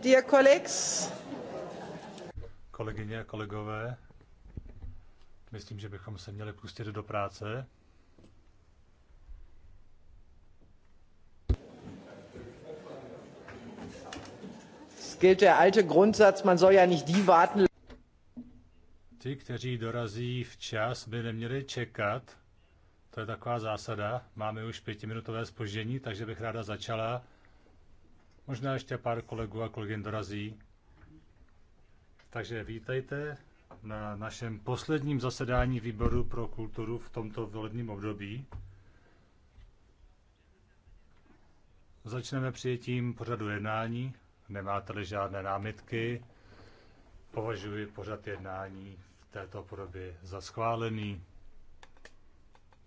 Dear colleagues. Kolegyně a kolegové, myslím, že bychom se měli pustit do práce. Es gilt der alte Grundsatz, man soll ja nicht die warten. Ti, kteří dorazí včas, by neměli čekat. To je taková zásada. Máme už pětiminutové spoždění, takže bych ráda začala Možná ještě pár kolegů a kolegyn dorazí. Takže vítejte na našem posledním zasedání výboru pro kulturu v tomto volebním období. Začneme přijetím pořadu jednání. Nemáte-li žádné námitky, považuji pořad jednání v této podobě za schválený.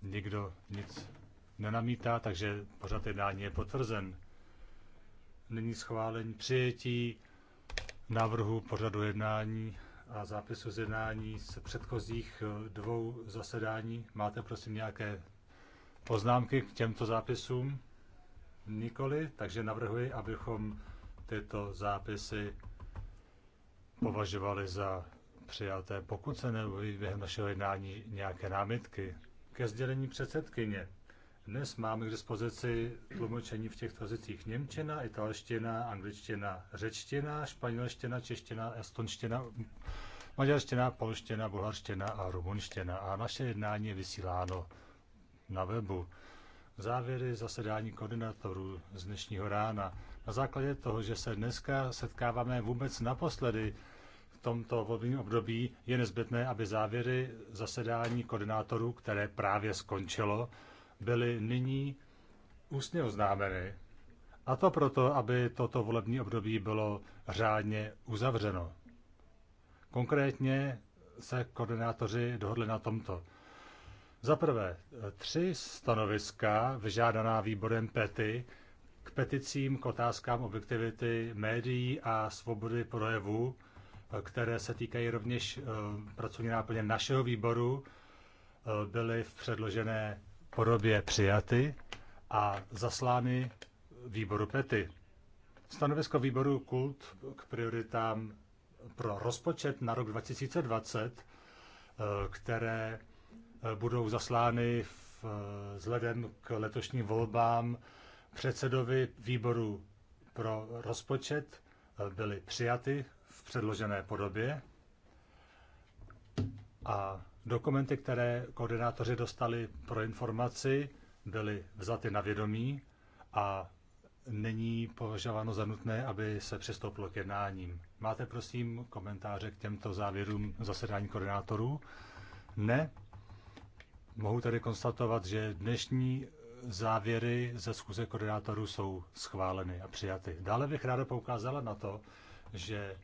Nikdo nic nenamítá, takže pořad jednání je potvrzen není schválení přijetí návrhu pořadu jednání a zápisu z jednání z předchozích eh, dvou zasedání. Máte prosím nějaké poznámky k těmto zápisům? Nikoli, takže navrhuji, abychom tyto zápisy považovali za přijaté, pokud se neobjeví během našeho jednání nějaké námitky. Ke sdělení předsedkyně. Dnes máme k dispozici tlumočení v těchto jazycích Němčina, italština, angličtina, řečtina, španělština, čeština, estonština, maďarština, polština, bulharština a rumunština. A naše jednání je vysíláno na webu. Závěry zasedání koordinátorů z dnešního rána. Na základě toho, že se dneska setkáváme vůbec naposledy v tomto volbním období, je nezbytné, aby závěry zasedání koordinátorů, které právě skončilo, byly nyní ústně oznámeny. A to proto, aby toto volební období bylo řádně uzavřeno. Konkrétně se koordinátoři dohodli na tomto. Za prvé, tři stanoviska vyžádaná výborem PETY k peticím k otázkám objektivity médií a svobody projevu, které se týkají rovněž eh, pracovní náplně našeho výboru, eh, byly v předložené podobě přijaty a zaslány výboru PETY. Stanovisko výboru KULT k prioritám pro rozpočet na rok 2020, eh, které eh, budou zaslány v, eh, vzhledem k letošním volbám předsedovi výboru pro rozpočet, byly přijaty v předložené podobě. A Dokumenty, které koordinátoři dostali pro informaci, byly vzaty na vědomí a není považováno za nutné, aby se přistoupilo k jednáním. Máte prosím komentáře k těmto závěrům zasedání koordinátorů? Ne. Mohu tedy konstatovat, že dnešní závěry ze schůze koordinátorů jsou schváleny a přijaty. Dále bych ráda poukázala na to, že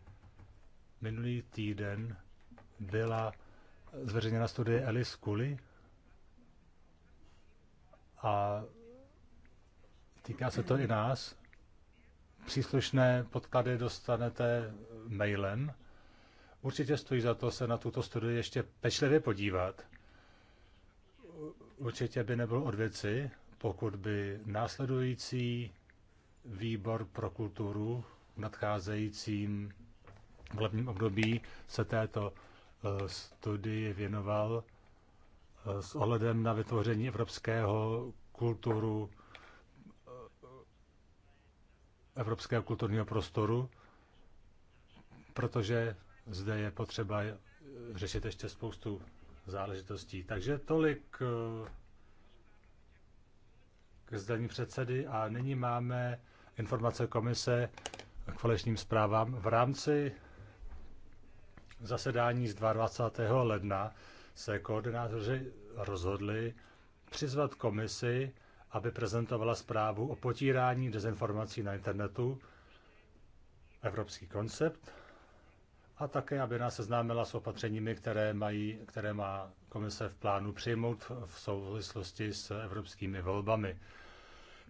minulý týden byla zveřejněna studie Alice Cooley a týká se to i nás. Příslušné podklady dostanete mailem. Určitě stojí za to se na tuto studii ještě pečlivě podívat. Určitě by nebylo od věci, pokud by následující výbor pro kulturu v nadcházejícím volebním období se této Eh, studii věnoval eh, s ohledem na vytvoření evropského kulturu, eh, evropského kulturního prostoru, protože zde je potřeba řešit ještě spoustu záležitostí. Takže tolik k zdaní předsedy a nyní máme informace komise k falešným zprávám. V rámci zasedání z 22. ledna se koordinátoři rozhodli přizvat komisi, aby prezentovala zprávu o potírání dezinformací na internetu, evropský koncept, a také, aby nás seznámila s opatřeními, které, mají, které má komise v plánu přijmout v souvislosti s evropskými volbami.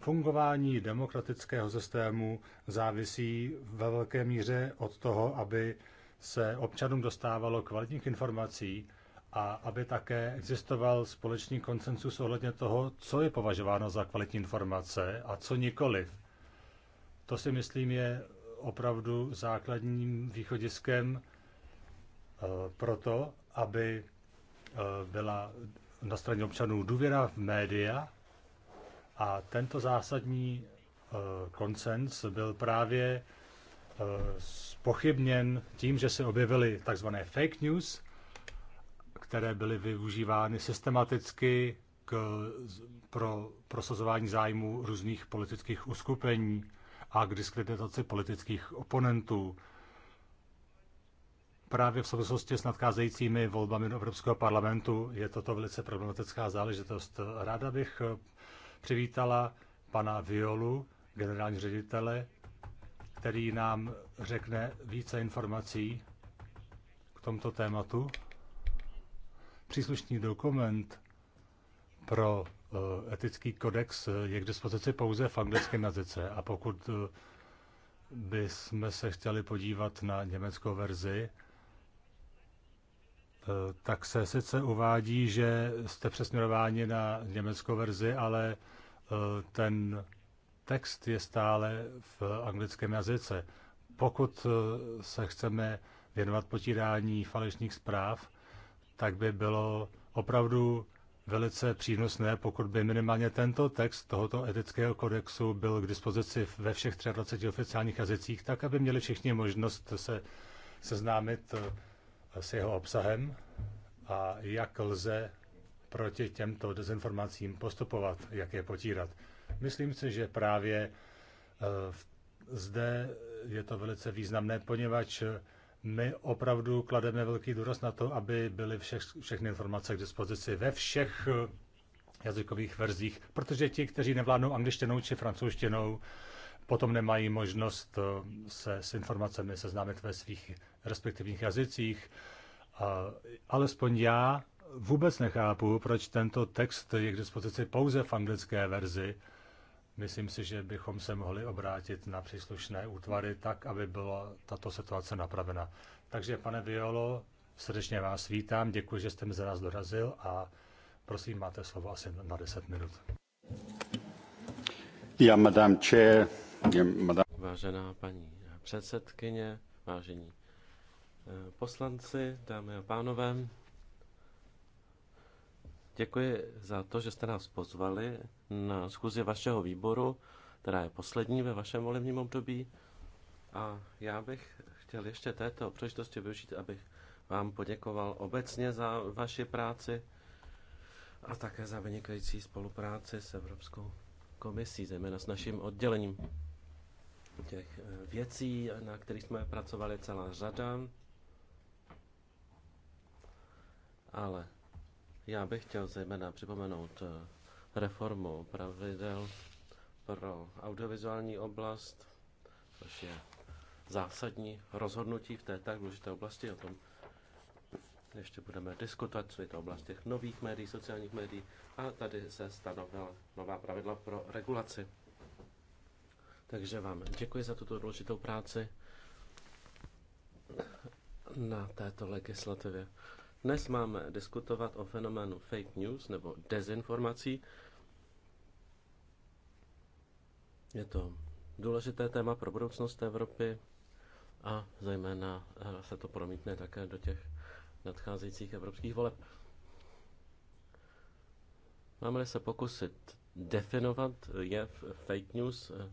Fungování demokratického systému závisí ve velké míře od toho, aby se občanům dostávalo kvalitních informací a aby také existoval společný koncensus ohledně toho, co je považováno za kvalitní informace a co nikoliv. To si myslím je opravdu základním východiskem eh, pro to, aby eh, byla na straně občanů důvěra v média a tento zásadní eh, konsens byl právě spochybněn eh, tím, že se objevily tzv. fake news, které byly využívány systematicky k, pro prosazování zájmu různých politických uskupení a k diskreditaci politických oponentů. Právě v souvislosti s nadcházejícími volbami do Evropského parlamentu je toto velice problematická záležitost. Ráda bych eh, přivítala pana Violu, generální ředitele který nám řekne více informací k tomto tématu. Příslušný dokument pro eh, etický kodex eh, je k dispozici pouze v anglickém jazyce a pokud eh, bychom se chtěli podívat na německou verzi, tak se sice uvádí, že jste přesměrováni na německou verzi, ale ten text je stále v anglickém jazyce. Pokud eh, se chceme věnovat potírání falešných zpráv, tak by bylo opravdu velice přínosné, pokud by minimálně tento text tohoto etického kodexu byl k dispozici ve všech 23 oficiálních jazycích, tak aby měli všichni možnost se seznámit eh, s jeho obsahem a jak lze proti těmto dezinformacím postupovat, jak je potírat. Myslím si, že právě eh, zde je to velice významné, poněvadž my opravdu klademe velký důraz na to, aby byly všech, všechny informace k dispozici ve všech eh, jazykových verzích, protože ti, kteří nevládnou angličtinou či francouzštinou, potom nemají možnost eh, se s informacemi seznámit ve svých respektivních jazycích. Alespoň já vůbec nechápu, proč tento text je k dispozici pouze v anglické verzi. Myslím si, že bychom se mohli obrátit na příslušné útvary tak, aby byla tato situace napravena. Takže, pane Violo, srdečně vás vítám, děkuji, že jste za nás dorazil a prosím, máte slovo asi na 10 minut. Já, madame chair, já, madame... Vážená paní předsedkyně, vážení eh, poslanci, dámy a pánové, Děkuji za to, že jste nás pozvali na schůzi vašeho výboru, která je poslední ve vašem volebním období. A já bych chtěl ještě této příležitosti využít, abych vám poděkoval obecně za vaši práci a také za vynikající spolupráci s Evropskou komisí, zejména s naším oddělením. Těch eh, věcí, na kterých jsme pracovali celá řada, ale já bych chtěl zejména připomenout eh, reformu pravidel pro audiovizuální oblast, což je zásadní rozhodnutí v té tak důležité oblasti. O tom ještě budeme diskutovat, co je to oblast těch nových médií, sociálních médií. A tady se stanovila nová pravidla pro regulaci. Takže vám děkuji za tuto důležitou práci na této legislativě. Dnes máme diskutovat o fenoménu fake news nebo dezinformací. Je to důležité téma pro budoucnost Evropy a zejména eh, se to promítne také do těch nadcházejících evropských voleb. Máme-li se pokusit definovat jev fake news, eh,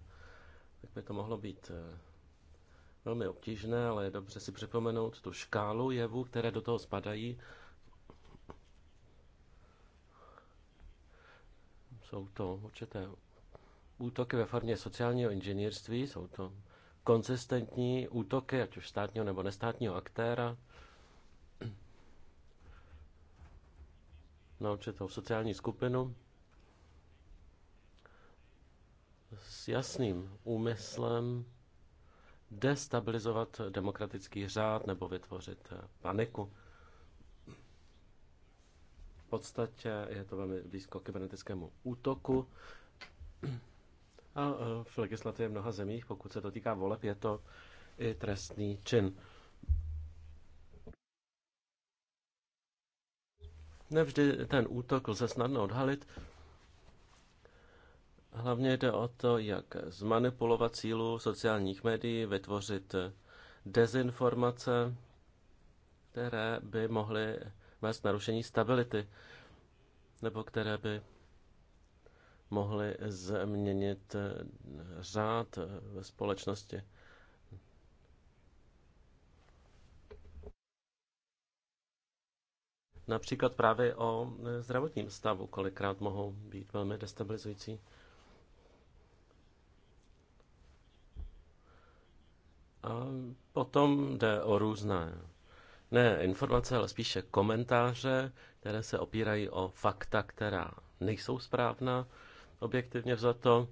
tak by to mohlo být eh, velmi obtížné, ale je dobře si připomenout tu škálu jevů, které do toho spadají. Jsou to určité útoky ve formě sociálního inženýrství, jsou to konzistentní útoky, ať už státního nebo nestátního aktéra, na určitou sociální skupinu s jasným úmyslem destabilizovat demokratický řád nebo vytvořit eh, paniku. V podstatě je to velmi blízko kybernetickému útoku. A eh, v legislativě mnoha zemích, pokud se to týká voleb, je to i trestný čin. Nevždy ten útok lze snadno odhalit, Hlavně jde o to, jak zmanipulovat sílu sociálních médií, vytvořit dezinformace, které by mohly vést narušení stability, nebo které by mohly změnit řád ve společnosti. Například právě o zdravotním stavu kolikrát mohou být velmi destabilizující. A potom jde o různé, ne informace, ale spíše komentáře, které se opírají o fakta, která nejsou správná, objektivně vzato.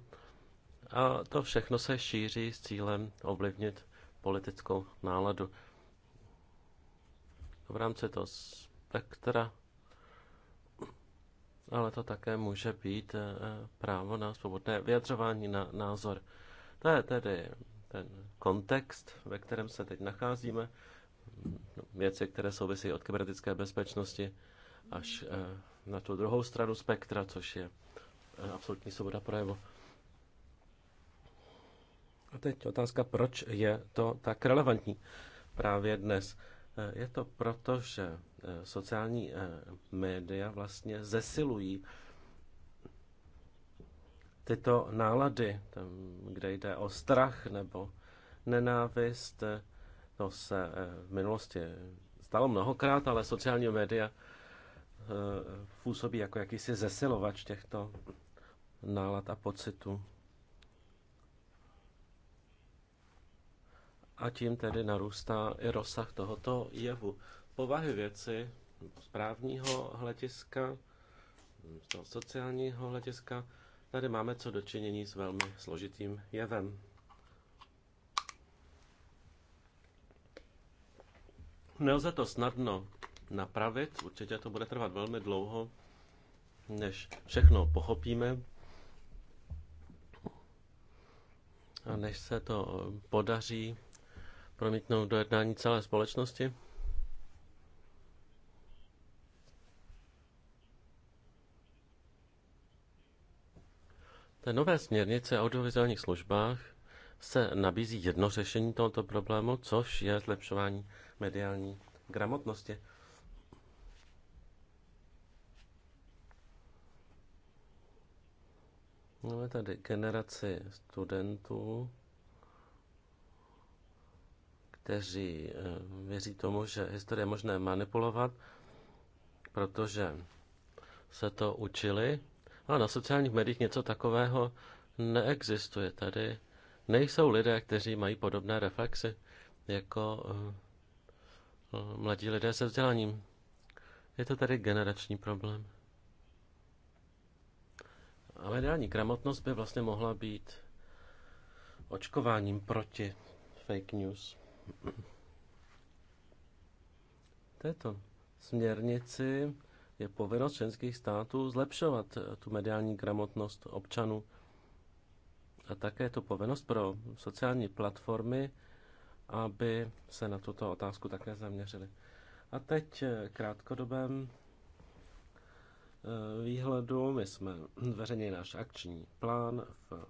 A to všechno se šíří s cílem ovlivnit politickou náladu. V rámci toho spektra, ale to také může být eh, právo na svobodné vyjadřování na názor. To je tedy ten kontext, ve kterém se teď nacházíme, mm, věci, které souvisí od kybernetické bezpečnosti až eh, na tu druhou stranu spektra, což je eh, absolutní svoboda projevu. A teď otázka, proč je to tak relevantní právě dnes. Eh, je to proto, že sociální média vlastně zesilují tyto nálady, tam, kde jde o strach nebo nenávist, to se eh, v minulosti stalo mnohokrát, ale sociální média eh, působí jako jakýsi zesilovač těchto nálad a pocitů. A tím tedy narůstá i rozsah tohoto jevu. Povahy věci z právního hlediska, z toho sociálního hlediska, Tady máme co dočinění s velmi složitým jevem. Nelze to snadno napravit, určitě to bude trvat velmi dlouho, než všechno pochopíme a než se to podaří promítnout do jednání celé společnosti. té nové směrnice o audiovizuálních službách se nabízí jedno řešení tohoto problému, což je zlepšování mediální gramotnosti. Máme tady generaci studentů, kteří eh, věří tomu, že historie je možné manipulovat, protože se to učili a na sociálních médiích něco takového neexistuje. Tady nejsou lidé, kteří mají podobné reflexy jako eh, mladí lidé se vzděláním. Je to tady generační problém. A mediální gramotnost by vlastně mohla být očkováním proti fake news. Této směrnici je povinnost členských států zlepšovat eh, tu mediální gramotnost občanů. A také je to povinnost pro sociální platformy, aby se na tuto otázku také zaměřili. A teď eh, krátkodobém eh, výhledu. My jsme zveřejnili náš akční plán v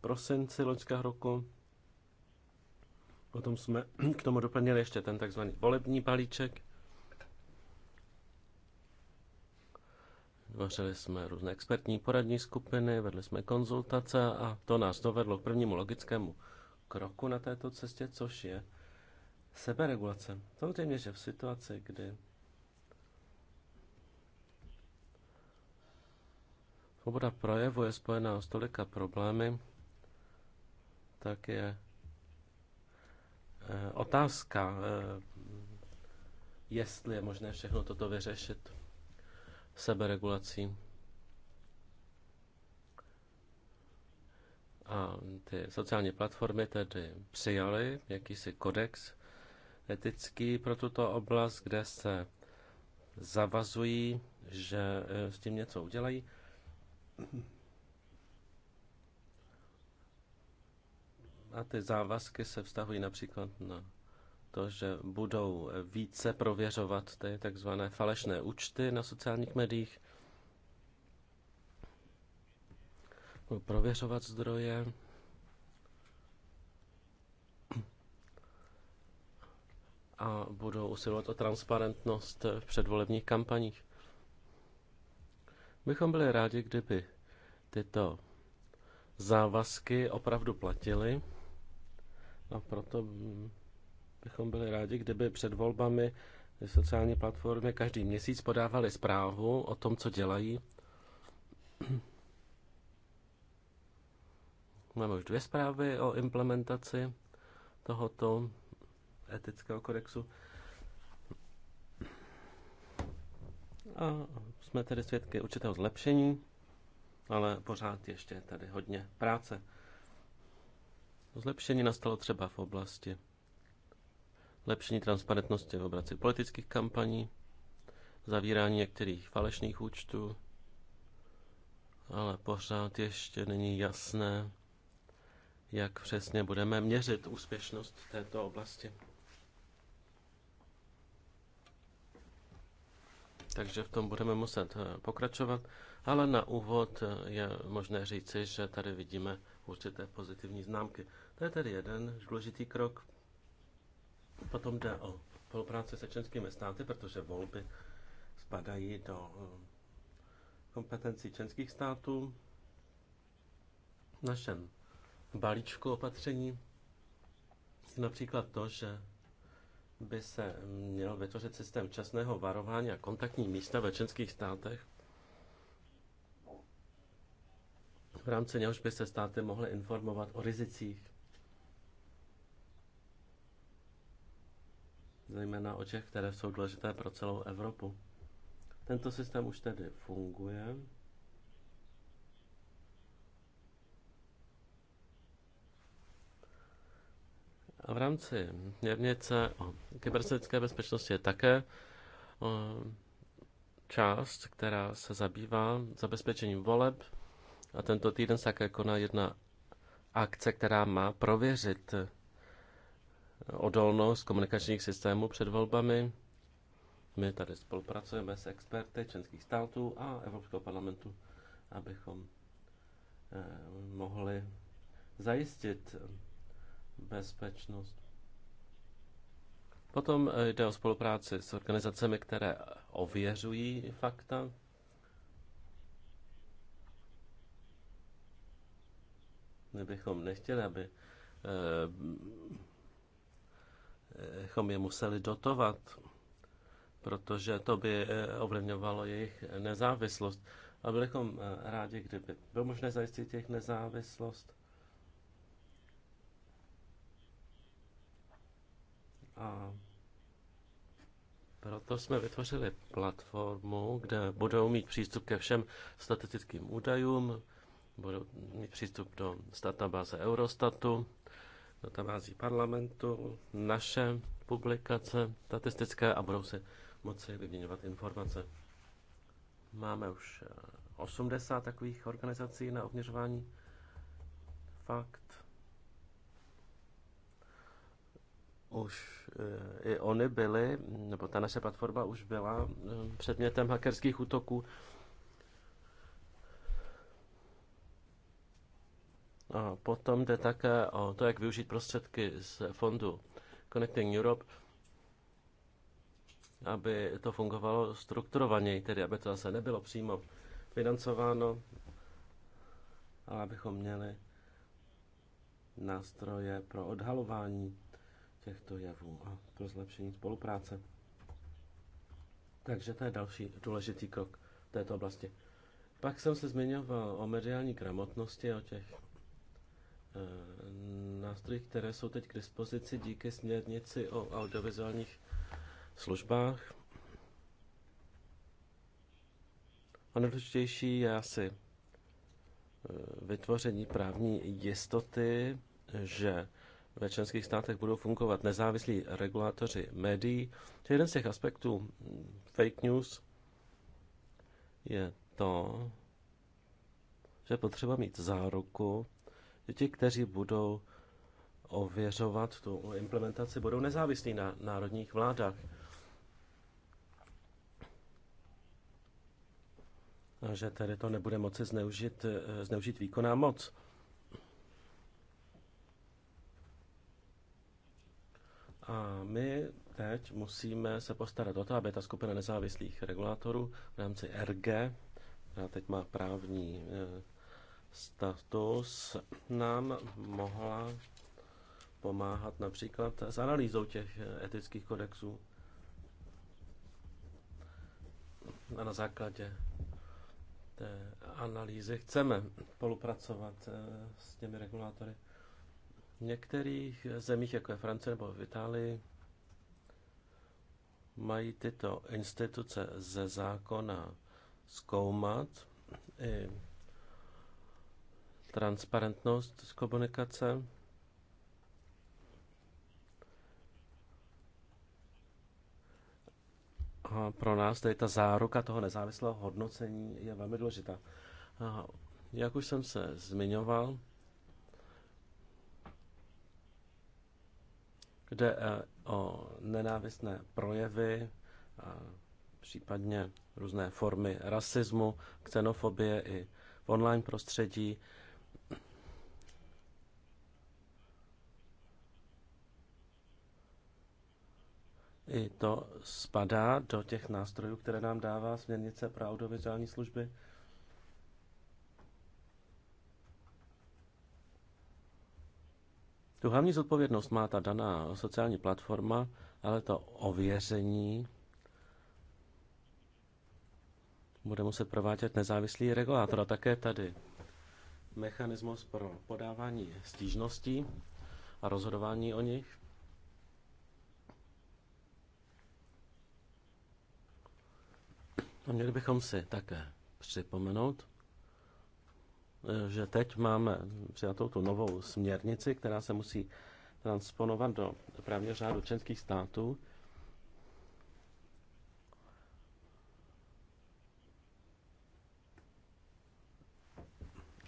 prosinci loňského roku. Potom jsme k tomu doplnili ještě ten takzvaný volební balíček. Vytvořili jsme různé expertní poradní skupiny, vedli jsme konzultace a to nás dovedlo k prvnímu logickému kroku na této cestě, což je seberegulace. Samozřejmě, že v situaci, kdy svoboda projevu je spojená s tolika problémy, tak je eh, otázka, eh, jestli je možné všechno toto vyřešit seberegulací. A ty sociální platformy tedy přijaly jakýsi kodex etický pro tuto oblast, kde se zavazují, že e, s tím něco udělají. A ty závazky se vztahují například na to, že budou více prověřovat ty takzvané falešné účty na sociálních médiích, budou prověřovat zdroje, a budou usilovat o transparentnost v předvolebních kampaních. Bychom byli rádi, kdyby tyto závazky opravdu platily a proto bychom byli rádi, kdyby před volbami sociální platformy každý měsíc podávali zprávu o tom, co dělají. Máme už dvě zprávy o implementaci tohoto etického kodexu. A jsme tedy svědky určitého zlepšení, ale pořád ještě tady hodně práce. Zlepšení nastalo třeba v oblasti lepšení transparentnosti v oblasti politických kampaní, zavírání některých falešných účtů, ale pořád ještě není jasné, jak přesně budeme měřit úspěšnost této oblasti. Takže v tom budeme muset eh, pokračovat, ale na úvod eh, je možné říci, že tady vidíme určité pozitivní známky. To je tedy jeden důležitý krok Potom jde o spolupráci se členskými státy, protože volby spadají do eh, kompetencí členských států. V našem balíčku opatření je například to, že by se měl vytvořit systém časného varování a kontaktní místa ve členských státech, v rámci něhož by se státy mohly informovat o rizicích zejména o těch, které jsou důležité pro celou Evropu. Tento systém už tedy funguje. A v rámci měrnice o kybernetické bezpečnosti je také eh, část, která se zabývá zabezpečením voleb. A tento týden se také koná jedna akce, která má prověřit odolnost komunikačních systémů před volbami. My tady spolupracujeme s experty členských států a Evropského parlamentu, abychom eh, mohli zajistit bezpečnost. Potom eh, jde o spolupráci s organizacemi, které ověřují fakta. My bychom nechtěli, aby eh, bychom je museli dotovat, protože to by eh, ovlivňovalo jejich nezávislost. A bychom eh, rádi, kdyby bylo možné zajistit jejich nezávislost. A proto jsme vytvořili platformu, kde budou mít přístup ke všem statistickým údajům, budou mít přístup do databáze Eurostatu, databází parlamentu, naše publikace statistické a budou si moci vyměňovat informace. Máme už 80 eh, takových organizací na oměřování fakt. Už eh, i oni byly, nebo ta naše platforma už byla eh, předmětem hackerských útoků A potom jde také o to, jak využít prostředky z fondu Connecting Europe, aby to fungovalo strukturovaněji, tedy aby to zase nebylo přímo financováno, ale abychom měli nástroje pro odhalování těchto jevů a pro zlepšení spolupráce. Takže to je další důležitý krok v této oblasti. Pak jsem se zmiňoval o mediální gramotnosti, o těch Eh, nástrojích, které jsou teď k dispozici díky směrnici o audiovizuálních službách. A nejdůležitější je asi eh, vytvoření právní jistoty, že ve členských státech budou fungovat nezávislí regulátoři médií. Jeden z těch aspektů mm, fake news je to, že potřeba mít záruku ti, kteří budou ověřovat tu implementaci, budou nezávislí na národních vládách. A že tedy to nebude moci zneužit, zneužit výkonná moc. A my teď musíme se postarat o to, aby ta skupina nezávislých regulátorů v rámci RG, která teď má právní eh, status nám mohla pomáhat například s analýzou těch etických kodexů. A na základě té analýzy chceme spolupracovat eh, s těmi regulátory. V některých zemích, jako je Francie nebo v Itálii, mají tyto instituce ze zákona zkoumat i transparentnost z komunikace. A pro nás tady ta záruka toho nezávislého hodnocení je velmi důležitá. A jak už jsem se zmiňoval, jde eh, o nenávistné projevy, a případně různé formy rasismu, xenofobie i v online prostředí I to spadá do těch nástrojů, které nám dává směrnice pro audiovizuální služby. Tu hlavní zodpovědnost má ta daná sociální platforma, ale to ověření bude muset provádět nezávislý regulátor. A také tady mechanismus pro podávání stížností a rozhodování o nich. A měli bychom si také připomenout, eh, že teď máme přijatou tu novou směrnici, která se musí transponovat do právě řádu členských států.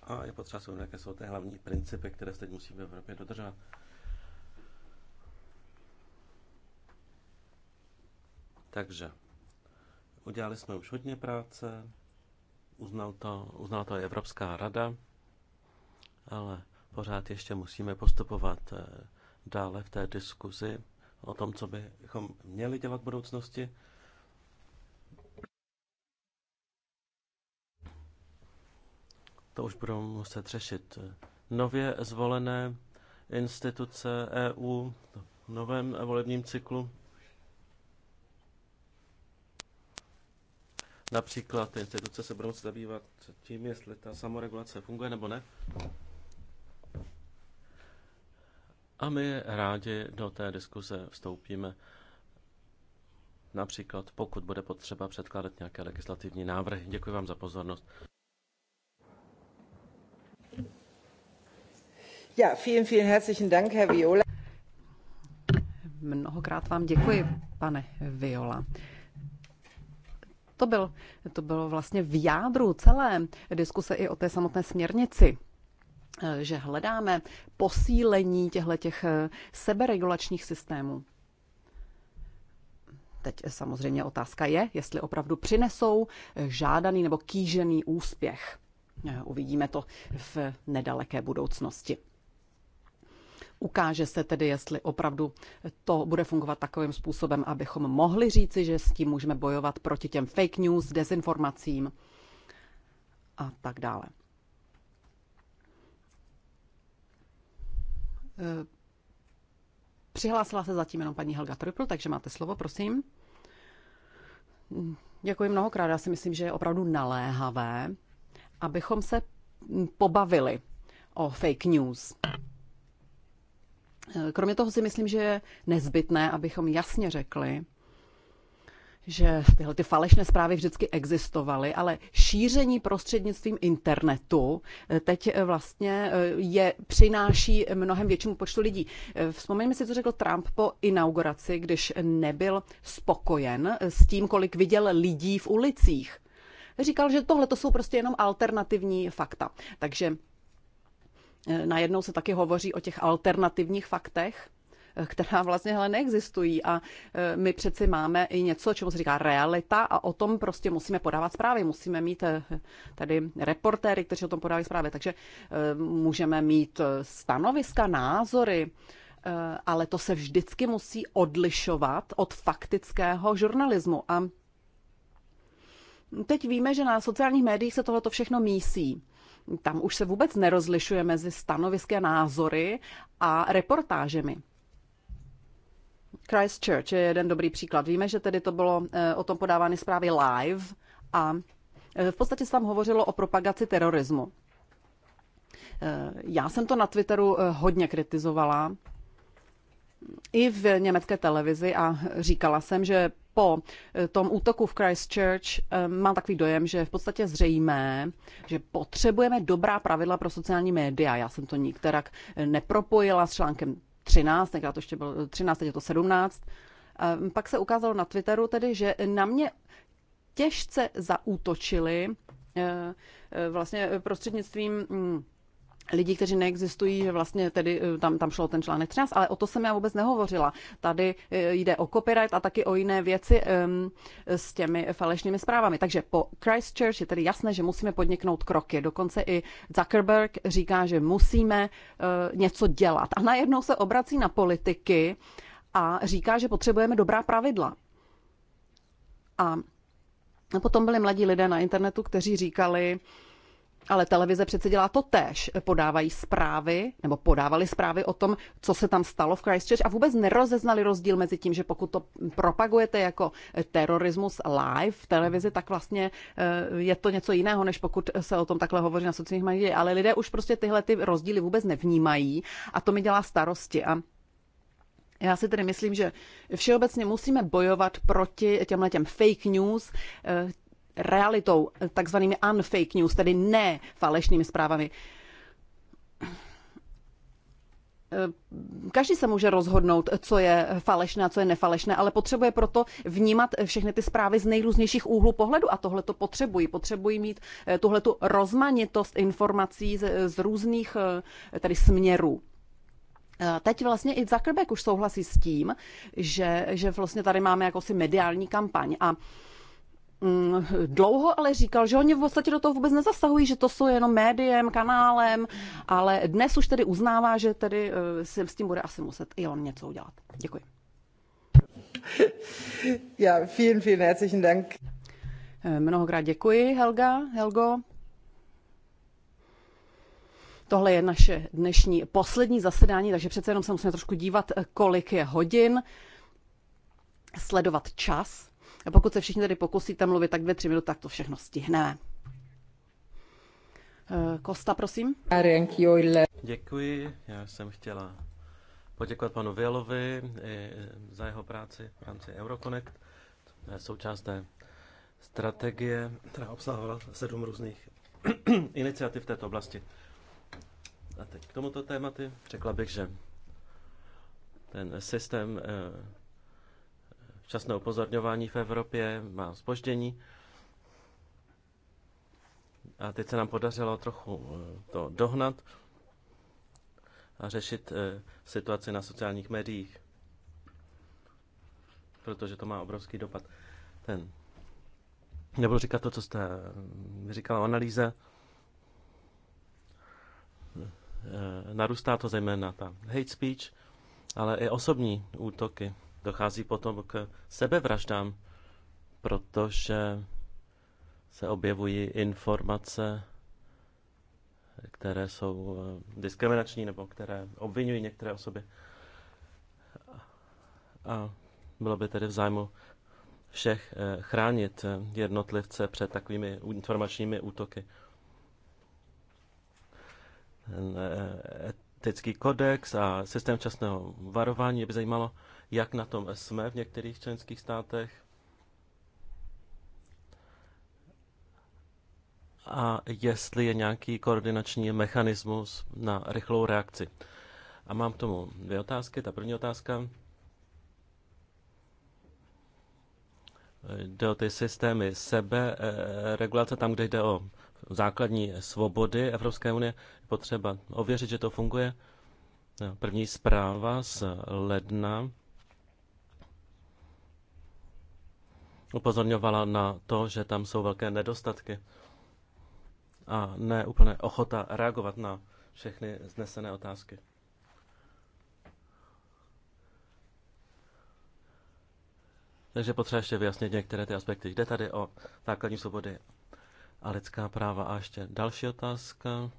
A je potřeba se jaké jsou ty hlavní principy, které se teď musí v Evropě dodržovat. Takže Udělali jsme už hodně práce, uznal to, uznal to i Evropská rada, ale pořád ještě musíme postupovat eh, dále v té diskuzi o tom, co bychom měli dělat v budoucnosti. To už budou muset řešit eh, nově zvolené instituce EU v novém volebním cyklu. Například ty instituce se budou zabývat tím, jestli ta samoregulace funguje nebo ne. A my rádi do té diskuze vstoupíme. Například pokud bude potřeba předkládat nějaké legislativní návrhy. Děkuji vám za pozornost. Ja, vielen, vielen herzlichen Dank, Herr Viola. Mnohokrát vám děkuji, pane Viola. To, byl, to bylo vlastně v jádru celé diskuse i o té samotné směrnici eh, že hledáme posílení těch eh, seberegulačních systémů. Teď samozřejmě otázka je, jestli opravdu přinesou eh, žádaný nebo kýžený úspěch. Uvidíme to v nedaleké budoucnosti. Ukáže se tedy, jestli opravdu to bude fungovat takovým způsobem, abychom mohli říci, že s tím můžeme bojovat proti těm fake news, dezinformacím a tak dále. Eh, přihlásila se zatím jenom paní Helga Trypl, takže máte slovo, prosím. Děkuji mnohokrát. Já si myslím, že je opravdu naléhavé, abychom se pobavili o fake news. Eh, kromě toho si myslím, že je nezbytné, abychom jasně řekli, že tyhle ty falešné zprávy vždycky existovaly, ale šíření prostřednictvím internetu eh, teď eh, vlastně je přináší mnohem většímu počtu lidí. Vzpomeňme si, co řekl Trump po inauguraci, když nebyl spokojen s tím, kolik viděl lidí v ulicích. Říkal, že tohle to jsou prostě jenom alternativní fakta. Takže najednou se taky hovoří o těch alternativních faktech, eh, která vlastně hele, neexistují a eh, my přeci máme i něco, čemu se říká realita a o tom prostě musíme podávat zprávy, musíme mít eh, tady reportéry, kteří o tom podávají zprávy, takže můžeme mít stanoviska, názory, ale to se vždycky musí odlišovat od faktického žurnalismu a Teď víme, že na sociálních médiích se tohleto všechno mísí. Tam už se vůbec nerozlišuje mezi stanovisky a názory a reportážemi. Christchurch je jeden dobrý příklad. Víme, že tedy to bylo eh, o tom podávány zprávy live a eh, v podstatě se tam hovořilo o propagaci terorismu. Eh, já jsem to na Twitteru hodně kritizovala, i v německé televizi a říkala jsem, že po eh, tom útoku v Christchurch eh, mám takový dojem, že v podstatě zřejmé, že potřebujeme dobrá pravidla pro sociální média. Já jsem to nikterak eh, nepropojila s článkem 13, tenkrát to ještě bylo 13, teď je to 17. Pak se ukázalo na Twitteru tedy, že na mě těžce zaútočili vlastně prostřednictvím mm, lidí, kteří neexistují, že vlastně tedy eh, tam, tam šlo ten článek 13, ale o to jsem já vůbec nehovořila. Tady eh, jde o copyright a taky o jiné věci um, s těmi falešnými zprávami. Takže po Christchurch je tedy jasné, že musíme podniknout kroky. Dokonce i Zuckerberg říká, že musíme uh, něco dělat. A najednou se obrací na politiky a říká, že potřebujeme dobrá pravidla. A potom byli mladí lidé na internetu, kteří říkali, ale televize přece dělá to též. Podávají zprávy, nebo podávali zprávy o tom, co se tam stalo v Christchurch a vůbec nerozeznali rozdíl mezi tím, že pokud to propagujete jako eh, terorismus live v televizi, tak vlastně eh, je to něco jiného, než pokud se o tom takhle hovoří na sociálních médiích. Ale lidé už prostě tyhle ty rozdíly vůbec nevnímají a to mi dělá starosti. A já si tedy myslím, že všeobecně musíme bojovat proti těmhle těm fake news, eh, realitou, takzvanými unfake news, tedy ne falešnými zprávami. Eh, každý se může rozhodnout, co je falešné a co je nefalešné, ale potřebuje proto vnímat všechny ty zprávy z nejrůznějších úhlů pohledu a tohle to potřebují. Potřebují mít eh, tuhle tu rozmanitost informací z, z různých eh, tedy směrů. Teď vlastně i Zuckerberg už souhlasí s tím, že, že vlastně tady máme jakousi mediální kampaň a Mm, dlouho ale říkal, že oni v podstatě do toho vůbec nezasahují, že to jsou jenom médiem, kanálem, ale dnes už tedy uznává, že tedy eh, se s tím bude asi muset i on něco udělat. Děkuji. Ja, vielen, vielen herzlichen Dank. Eh, mnohokrát děkuji, Helga, Helgo. Tohle je naše dnešní poslední zasedání, takže přece jenom se musíme trošku dívat, eh, kolik je hodin, sledovat čas. A Pokud se všichni tady pokusíte mluvit tak dvě, tři minuty, tak to všechno stihneme. Eh, Kosta, prosím. Děkuji, já jsem chtěla poděkovat panu Vělovi eh, za jeho práci v rámci Euroconnect, součást té strategie, která obsahovala sedm různých iniciativ v této oblasti. A teď k tomuto tématu řekla bych, že ten systém eh, Včasné upozorňování v Evropě má spoždění. A teď se nám podařilo trochu eh, to dohnat a řešit eh, situaci na sociálních médiích, protože to má obrovský dopad. Ten. Nebudu říkat to, co jste eh, říkala o analýze. Narůstá to zejména ta hate speech, ale i osobní útoky dochází potom k sebevraždám, protože se objevují informace, které jsou eh, diskriminační nebo které obvinují některé osoby. A bylo by tedy v zájmu všech eh, chránit eh, jednotlivce před takovými informačními útoky. Ten etický kodex a systém časného varování by zajímalo, jak na tom jsme v některých členských státech. A jestli je nějaký koordinační mechanismus na rychlou reakci. A mám k tomu dvě otázky. Ta první otázka. Jde o ty systémy sebe, eh, regulace tam, kde jde o základní svobody Evropské unie, potřeba ověřit, že to funguje. Eh, první zpráva z ledna upozorňovala na to, že tam jsou velké nedostatky a ne úplně ochota reagovat na všechny znesené otázky. Takže potřeba ještě vyjasnit některé ty aspekty. Jde tady o základní svobody a lidská práva. A ještě další otázka.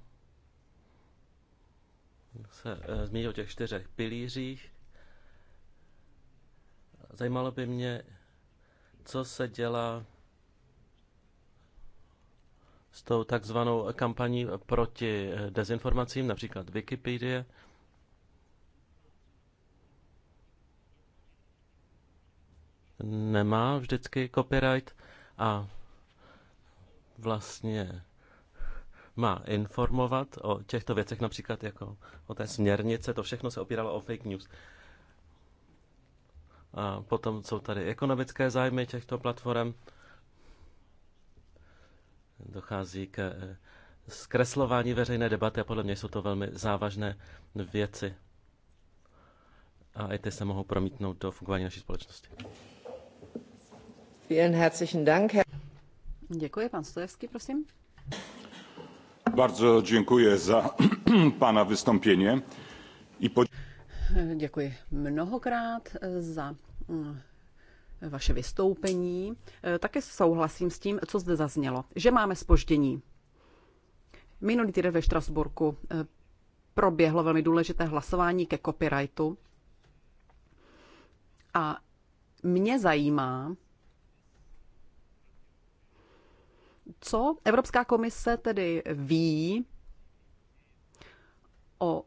Se e, eh, zmíní o těch čtyřech pilířích. Zajímalo by mě, co se dělá s tou takzvanou kampaní proti dezinformacím, například Wikipedie. Nemá vždycky copyright a vlastně má informovat o těchto věcech, například jako o té směrnice, to všechno se opíralo o fake news. A potom jsou tady ekonomické zájmy těchto platform. Dochází k eh, zkreslování veřejné debaty a podle mě jsou to velmi závažné věci. A i ty se mohou promítnout do fungování naší společnosti. Vielen herzlichen Dank. Děkuji, pan Stojevský, prosím. Bardzo dziękuję za pana wystąpienie i pod... Děkuji mnohokrát eh, za mm, vaše vystoupení. Eh, také souhlasím s tím, co zde zaznělo, že máme spoždění. Minulý týden ve Štrasburku eh, proběhlo velmi důležité hlasování ke copyrightu a mě zajímá, co Evropská komise tedy ví o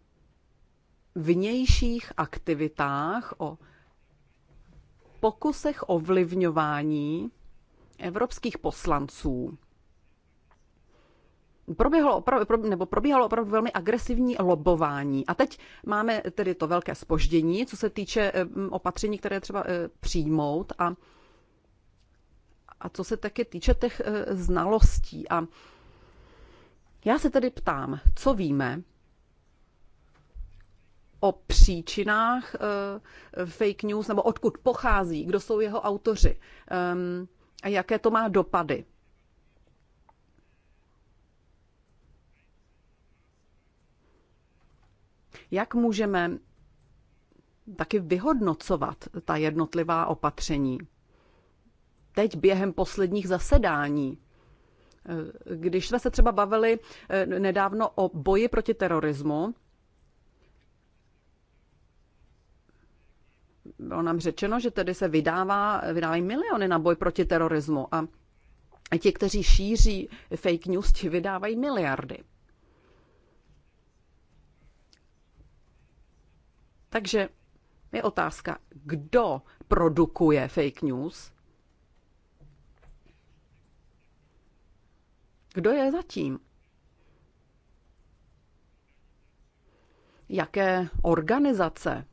vnějších aktivitách, o pokusech ovlivňování evropských poslanců. Proběhlo opravdu, nebo probíhalo opravdu velmi agresivní lobování. A teď máme tedy to velké spoždění, co se týče eh, opatření, které třeba eh, přijmout a, a co se taky týče těch eh, znalostí. A já se tedy ptám, co víme o příčinách eh, fake news nebo odkud pochází, kdo jsou jeho autoři ehm, a jaké to má dopady. Jak můžeme taky vyhodnocovat ta jednotlivá opatření? Teď během posledních zasedání eh, když jsme se třeba bavili eh, nedávno o boji proti terorismu, bylo nám řečeno, že tedy se vydává, vydávají miliony na boj proti terorismu a ti, kteří šíří fake news, ti vydávají miliardy. Takže je otázka, kdo produkuje fake news? Kdo je zatím? Jaké organizace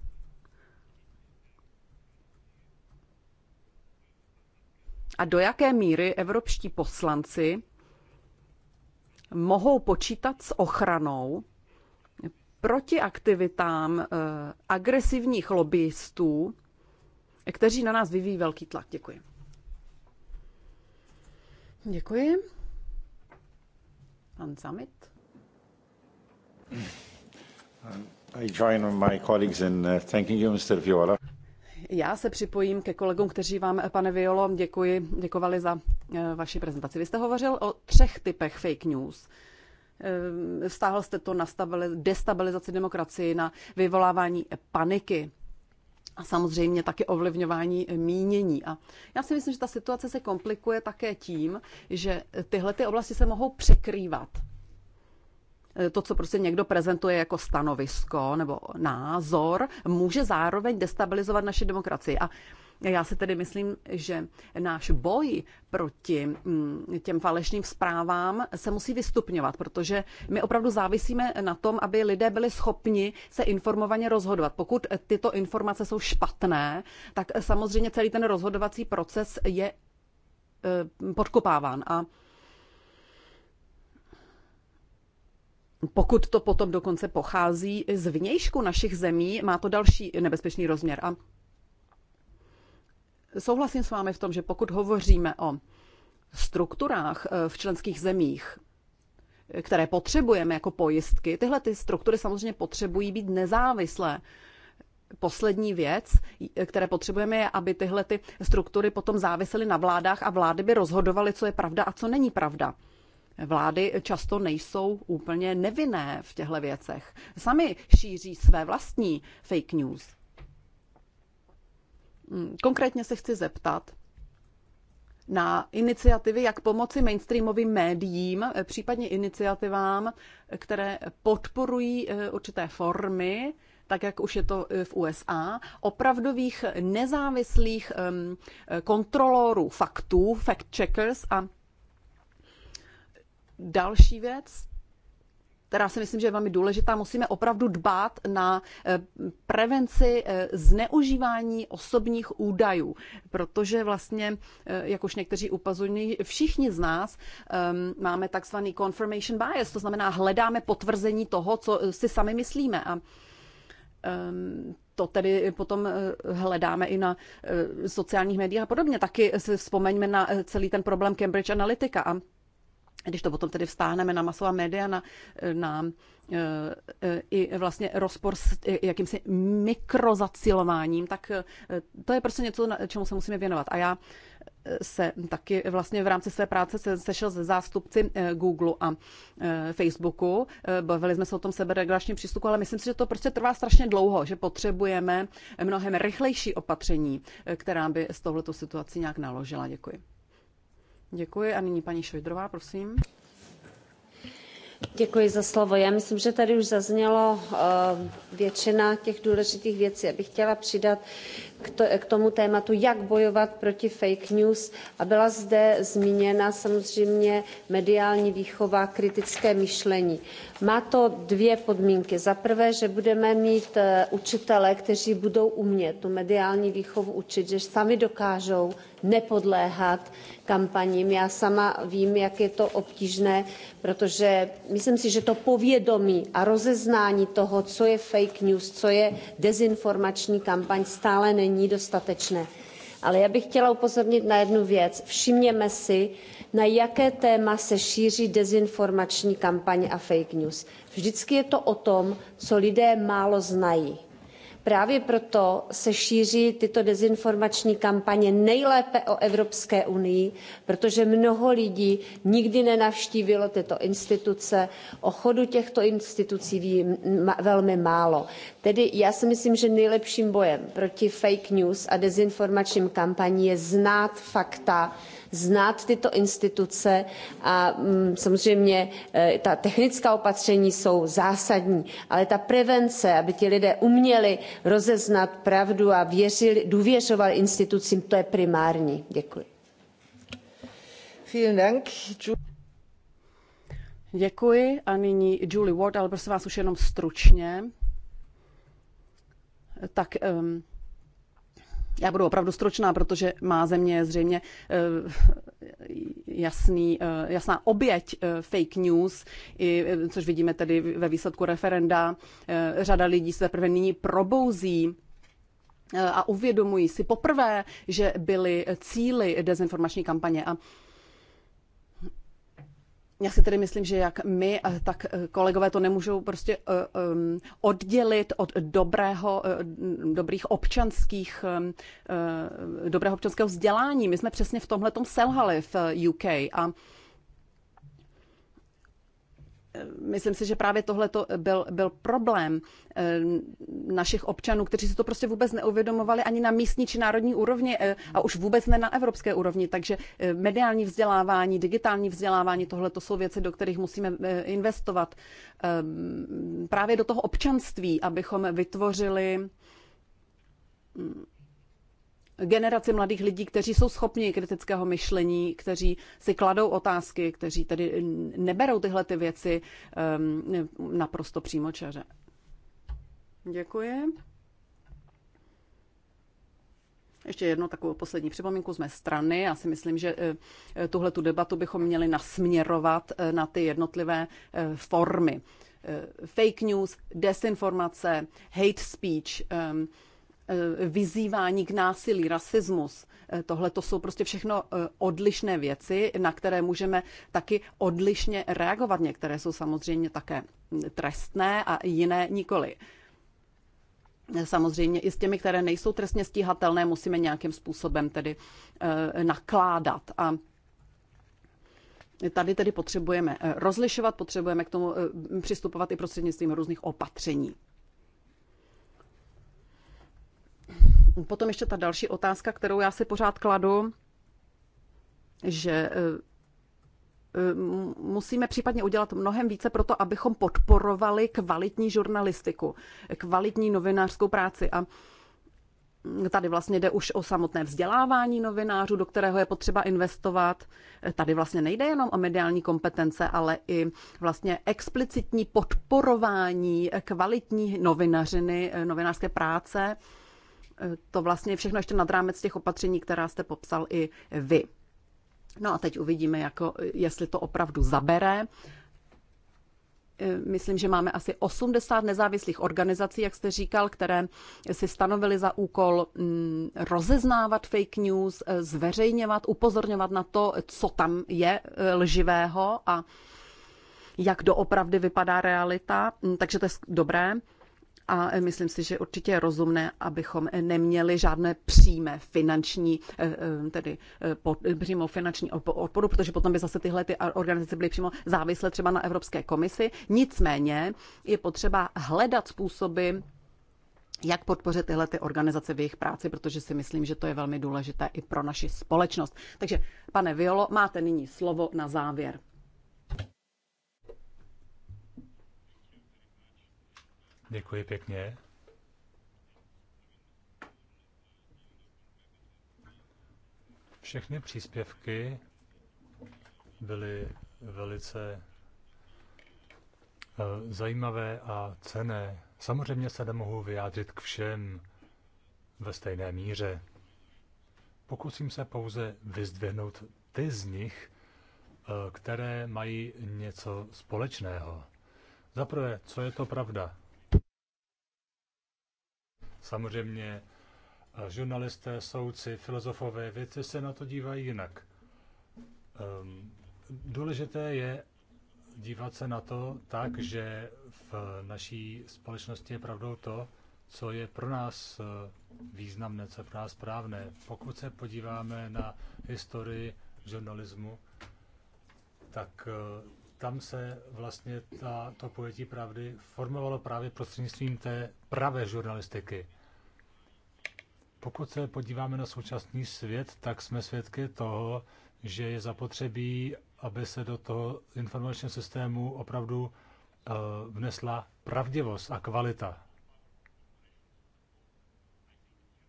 a do jaké míry evropští poslanci mohou počítat s ochranou proti aktivitám eh, agresivních lobbyistů, kteří na nás vyvíjí velký tlak. Děkuji. Děkuji. Pan Samit. I join my colleagues in eh, thanking you, Mr. Viola. Já se připojím ke kolegům, kteří vám, pane Violo, děkuji, děkovali za eh, vaši prezentaci. Vy jste hovořil o třech typech fake news. Stáhl eh, jste to na destabilizaci demokracii, na vyvolávání paniky a samozřejmě taky ovlivňování mínění. A já si myslím, že ta situace se komplikuje také tím, že tyhle ty oblasti se mohou překrývat. Eh, to, co prostě někdo prezentuje jako stanovisko nebo názor, může zároveň destabilizovat naši demokracii. A já si tedy myslím, že náš boj proti mm, těm falešným zprávám se musí vystupňovat, protože my opravdu závisíme na tom, aby lidé byli schopni se informovaně rozhodovat. Pokud tyto informace jsou špatné, tak samozřejmě celý ten rozhodovací proces je eh, podkopáván. A pokud to potom dokonce pochází z vnějšku našich zemí, má to další nebezpečný rozměr. A souhlasím s vámi v tom, že pokud hovoříme o strukturách eh, v členských zemích, které potřebujeme jako pojistky, tyhle ty struktury samozřejmě potřebují být nezávislé. Poslední věc, které potřebujeme, je, aby tyhle ty struktury potom závisely na vládách a vlády by rozhodovaly, co je pravda a co není pravda. Vlády často nejsou úplně nevinné v těchto věcech. Sami šíří své vlastní fake news. Hmm, konkrétně se chci zeptat na iniciativy, jak pomoci mainstreamovým médiím, případně iniciativám, které podporují eh, určité formy tak jak už je to eh, v USA, opravdových nezávislých ehm, eh, kontrolorů faktů, fact-checkers a Další věc, která si myslím, že je velmi důležitá, musíme opravdu dbát na eh, prevenci eh, zneužívání osobních údajů, protože vlastně, eh, jak už někteří upozorňují, všichni z nás ehm, máme takzvaný confirmation bias, to znamená, hledáme potvrzení toho, co si sami myslíme. A ehm, to tedy potom hledáme i na sociálních médiích a podobně. Taky si vzpomeňme na celý ten problém Cambridge Analytica. A když to potom tedy vstáhneme na masová média, na, na eh, i vlastně rozpor s jakýmsi mikrozacilováním, tak eh, to je prostě něco, čemu se musíme věnovat. A já eh, se taky vlastně v rámci své práce se, sešel se zástupci Google a Facebooku. Bavili jsme se o tom seberegulačním přístupu, ale myslím si, že to prostě trvá strašně dlouho, že potřebujeme mnohem rychlejší opatření, která by s touhletou situací nějak naložila. Děkuji. Děkuji a nyní paní Švidrová, prosím. Děkuji za slovo. Já myslím, že tady už zaznělo eh, většina těch důležitých věcí. Já bych chtěla přidat k tomu tématu, jak bojovat proti fake news. A byla zde zmíněna samozřejmě mediální výchova, kritické myšlení. Má to dvě podmínky. Za prvé, že budeme mít eh, učitele, kteří budou umět tu mediální výchovu učit, že sami dokážou nepodléhat kampaním. Já sama vím, jak je to obtížné, protože myslím si, že to povědomí a rozeznání toho, co je fake news, co je dezinformační kampaň, stále není není dostatečné. Ale já bych chtěla upozornit na jednu věc. Všimněme si, na jaké téma se šíří dezinformační kampaň a fake news. Vždycky je to o tom, co lidé málo znají Právě proto se šíří tyto dezinformační kampaně nejlépe o Evropské unii, protože mnoho lidí nikdy nenavštívilo tyto instituce, o chodu těchto institucí ví velmi málo. Tedy já si myslím, že nejlepším bojem proti fake news a dezinformačním kampaním je znát fakta, znát tyto instituce a mm, samozřejmě e, ta technická opatření jsou zásadní, ale ta prevence, aby ti lidé uměli rozeznat pravdu a věřili, důvěřovali institucím, to je primární. Děkuji. Děkuji a nyní Julie Ward, ale prosím vás už jenom stručně. Tak um, já budu opravdu stručná, protože má země je zřejmě eh, jasný, eh, jasná oběť eh, fake news, což vidíme tedy ve výsledku referenda. Řada lidí se teprve nyní probouzí a uvědomují si poprvé, že byly cíly dezinformační kampaně. A já si tedy myslím, že jak my, eh, tak eh, kolegové to nemůžou prostě eh, oddělit od dobrého, dobrých občanských, dobrého občanského vzdělání. My jsme přesně v tomhle selhali v UK a myslím si, že právě tohle byl, byl problém eh, našich občanů, kteří si to prostě vůbec neuvědomovali ani na místní či národní úrovni eh, a už vůbec ne na evropské úrovni. Takže eh, mediální vzdělávání, digitální vzdělávání, tohle to jsou věci, do kterých musíme investovat ehm, právě do toho občanství, abychom vytvořili hm, generaci mladých lidí, kteří jsou schopni kritického myšlení, kteří si kladou otázky, kteří tedy neberou tyhle ty věci um, naprosto přímočaře. Děkuji. Ještě jednu takovou poslední připomínku z mé strany. Já si myslím, že eh, tuhle tu debatu bychom měli nasměrovat eh, na ty jednotlivé eh, formy. Fake news, desinformace, hate speech, ehm, Eh, vyzývání k násilí, rasismus. Eh, tohle to jsou prostě všechno eh, odlišné věci, na které můžeme taky odlišně reagovat. Některé jsou samozřejmě také trestné a jiné nikoli. Samozřejmě i s těmi, které nejsou trestně stíhatelné, musíme nějakým způsobem tedy nakládat. A Tady tedy potřebujeme rozlišovat, potřebujeme k tomu přistupovat i prostřednictvím různých opatření. Potom ještě ta další otázka, kterou já si pořád kladu, že eh, eh, musíme případně udělat mnohem více pro to, abychom podporovali kvalitní žurnalistiku, kvalitní novinářskou práci. A Tady vlastně jde už o samotné vzdělávání novinářů, do kterého je potřeba investovat. Tady vlastně nejde jenom o mediální kompetence, ale i vlastně explicitní podporování kvalitní novinařiny, eh, novinářské práce to vlastně všechno ještě nad rámec těch opatření, která jste popsal i vy. No a teď uvidíme, jako, jestli to opravdu zabere. E, myslím, že máme asi 80 nezávislých organizací, jak jste říkal, které si stanovily za úkol mm, rozeznávat fake news, e, zveřejňovat, upozorňovat na to, co tam je e, lživého a jak doopravdy vypadá realita. Mm, takže to je dobré a myslím si, že určitě je rozumné, abychom neměli žádné přímé finanční, eh, eh, tedy eh, přímou finanční odporu, protože potom by zase tyhle ty organizace byly přímo závislé třeba na Evropské komisi. Nicméně je potřeba hledat způsoby, jak podpořit tyhle ty organizace v jejich práci, protože si myslím, že to je velmi důležité i pro naši společnost. Takže, pane Violo, máte nyní slovo na závěr. Děkuji pěkně. Všechny příspěvky byly velice eh, zajímavé a cené. Samozřejmě se nemohu vyjádřit k všem ve stejné míře. Pokusím se pouze vyzdvihnout ty z nich, eh, které mají něco společného. Za prvé, co je to pravda? Samozřejmě eh, žurnalisté, soudci, filozofové, věci se na to dívají jinak. Ehm, důležité je dívat se na to tak, že v naší společnosti je pravdou to, co je pro nás eh, významné, co je pro nás správné. Pokud se podíváme na historii žurnalismu, tak eh, tam se vlastně ta, to pojetí pravdy formovalo právě prostřednictvím té pravé žurnalistiky. Pokud se podíváme na současný svět, tak jsme svědky toho, že je zapotřebí, aby se do toho informačního systému opravdu eh, vnesla pravdivost a kvalita.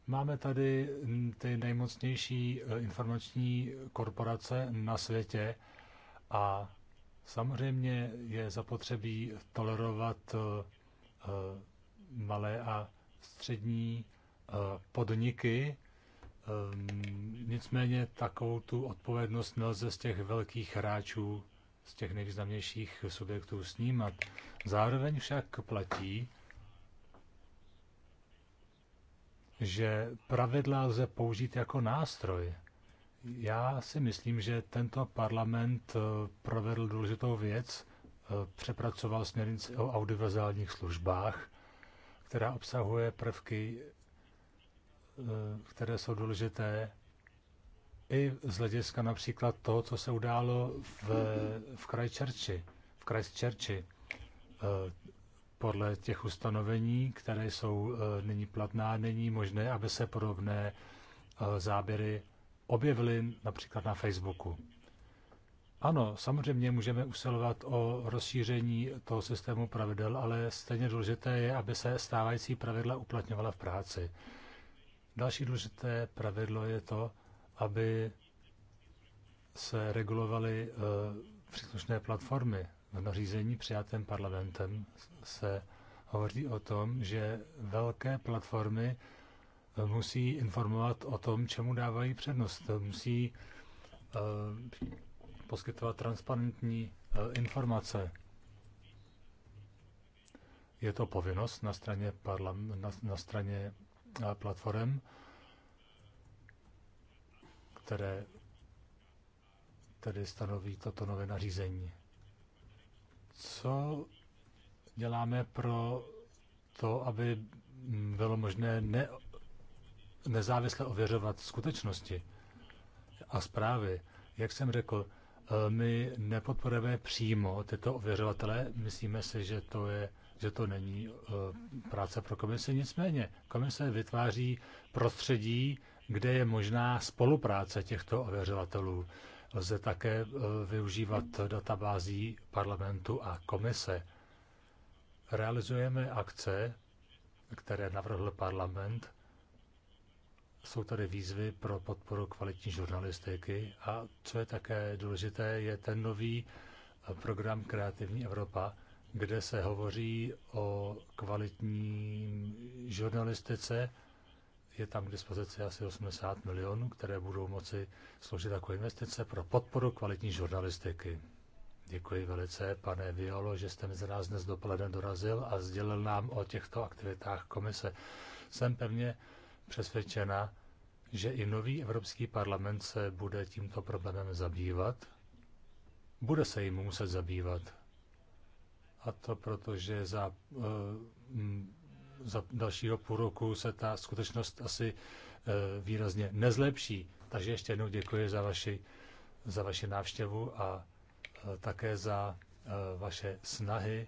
Máme tady ty nejmocnější eh, informační korporace na světě a Samozřejmě je zapotřebí tolerovat eh, eh, malé a střední eh, podniky, ehm, nicméně takovou tu odpovědnost nelze z těch velkých hráčů, z těch nejvýznamnějších subjektů snímat. Zároveň však platí, že pravidla lze použít jako nástroj. Já si myslím, že tento parlament eh, provedl důležitou věc, eh, přepracoval směrnici o audiovizuálních službách, která obsahuje prvky, eh, které jsou důležité i z hlediska například toho, co se událo v, v Čerči, V Čerči, podle těch ustanovení, které jsou nyní platná, není možné, aby se podobné záběry objevili například na Facebooku. Ano, samozřejmě můžeme usilovat o rozšíření toho systému pravidel, ale stejně důležité je, aby se stávající pravidla uplatňovala v práci. Další důležité pravidlo je to, aby se regulovaly e, příslušné platformy. V nařízení přijatém parlamentem se hovoří o tom, že velké platformy musí informovat o tom, čemu dávají přednost. Musí eh, poskytovat transparentní eh, informace. Je to povinnost na straně, parlam, na, na straně eh, platform, které tedy stanoví toto nové nařízení. Co děláme pro to, aby bylo možné ne nezávisle ověřovat skutečnosti a zprávy. Jak jsem řekl, eh, my nepodporujeme přímo tyto ověřovatele, myslíme si, že to, je, že to není eh, práce pro komise. nicméně komise vytváří prostředí, kde je možná spolupráce těchto ověřovatelů. Lze také eh, využívat databází parlamentu a komise. Realizujeme akce, které navrhl parlament, jsou tady výzvy pro podporu kvalitní žurnalistiky a co je také důležité, je ten nový eh, program Kreativní Evropa, kde se hovoří o kvalitní žurnalistice. Je tam k dispozici asi 80 milionů, které budou moci sloužit jako investice pro podporu kvalitní žurnalistiky. Děkuji velice, pane Violo, že jste mezi nás dnes dopoledne dorazil a sdělil nám o těchto aktivitách komise. Jsem pevně přesvědčena, že i nový Evropský parlament se bude tímto problémem zabývat. Bude se jim muset zabývat. A to proto, že za, eh, za dalšího půl roku se ta skutečnost asi eh, výrazně nezlepší. Takže ještě jednou děkuji za vaši, za vaši návštěvu a eh, také za vaše snahy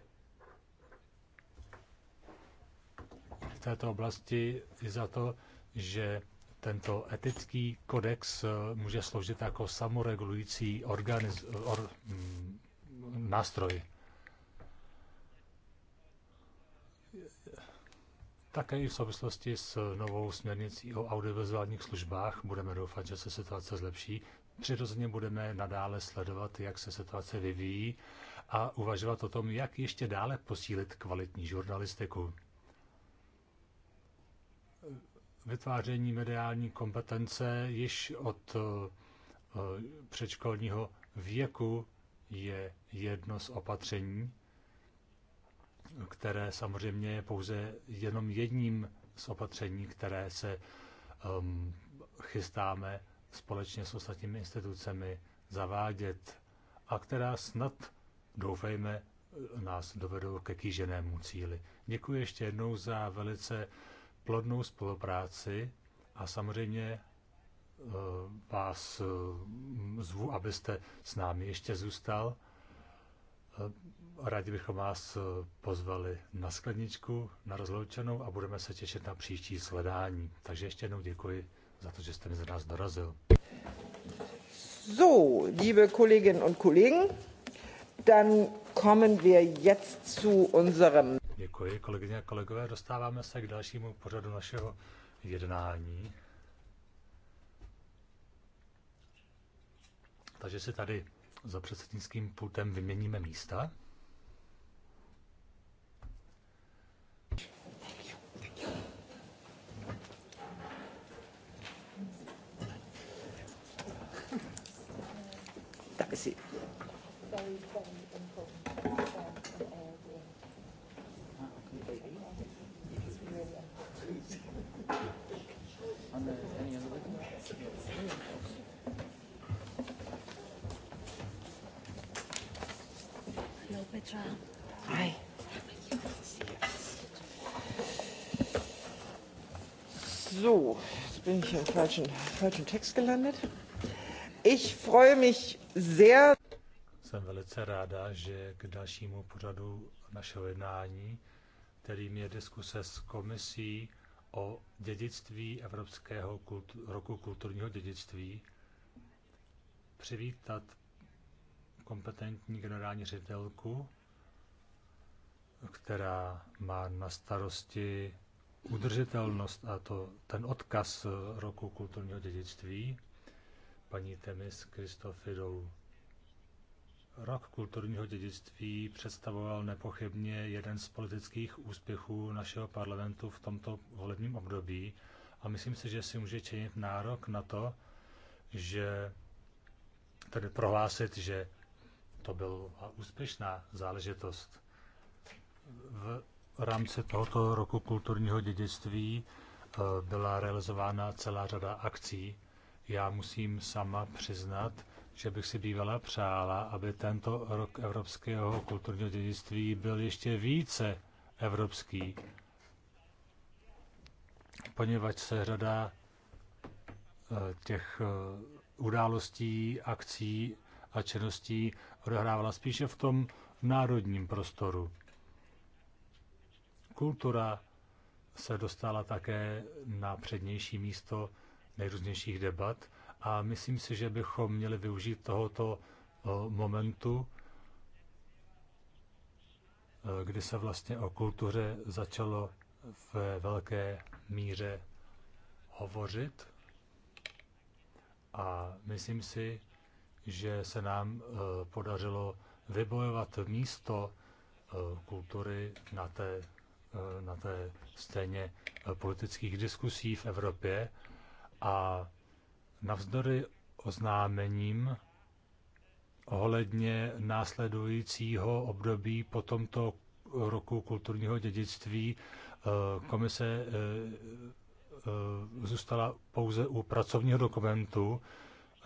v této oblasti i za to, že tento etický kodex eh, může sloužit jako samoregulující organiz, or, mm, nástroj. Také i v souvislosti s novou směrnicí o audiovizuálních službách budeme doufat, že se situace zlepší. Přirozeně budeme nadále sledovat, jak se situace vyvíjí a uvažovat o tom, jak ještě dále posílit kvalitní žurnalistiku vytváření mediální kompetence již od eh, předškolního věku je jedno z opatření, které samozřejmě je pouze jenom jedním z opatření, které se ehm, chystáme společně s ostatními institucemi zavádět a která snad, doufejme, nás dovedou ke kýženému cíli. Děkuji ještě jednou za velice plodnou spolupráci a samozřejmě eh, vás eh, zvu, abyste s námi ještě zůstal. Eh, rádi bychom vás pozvali na skleničku, na rozloučenou a budeme se těšit na příští sledání. Takže ještě jednou děkuji za to, že jste mi za nás dorazil. So, liebe Kolleginnen und Kollegen, dann kommen wir jetzt zu unserem Děkuji, kolegyně a kolegové. Dostáváme se k dalšímu pořadu našeho jednání. Takže si tady za předsednickým pultem vyměníme místa. Tak si. So, jetzt bin ich im falschen, falschen Text gelandet. Ich freue mich sehr. Jsem velice ráda, že k dalšímu pořadu našeho jednání, kterým je diskuse s komisí, o dědictví Evropského kultu, roku kulturního dědictví přivítat kompetentní generální ředitelku, která má na starosti udržitelnost a to ten odkaz roku kulturního dědictví, paní Temis Kristofidou Rok kulturního dědictví představoval nepochybně jeden z politických úspěchů našeho parlamentu v tomto volebním období a myslím si, že si může činit nárok na to, že tedy prohlásit, že to byla úspěšná záležitost. V rámci tohoto roku kulturního dědictví eh, byla realizována celá řada akcí. Já musím sama přiznat, že bych si bývala přála, aby tento rok evropského kulturního dědictví byl ještě více evropský, poněvadž se řada eh, těch eh, událostí, akcí a činností odehrávala spíše v tom národním prostoru. Kultura se dostala také na přednější místo nejrůznějších debat a myslím si, že bychom měli využít tohoto eh, momentu, eh, kdy se vlastně o kultuře začalo v velké míře hovořit. A myslím si, že se nám eh, podařilo vybojovat místo kultury na té, na té scéně politických diskusí v Evropě. A Navzdory oznámením ohledně následujícího období po tomto roku kulturního dědictví eh, komise eh, eh, zůstala pouze u pracovního dokumentu,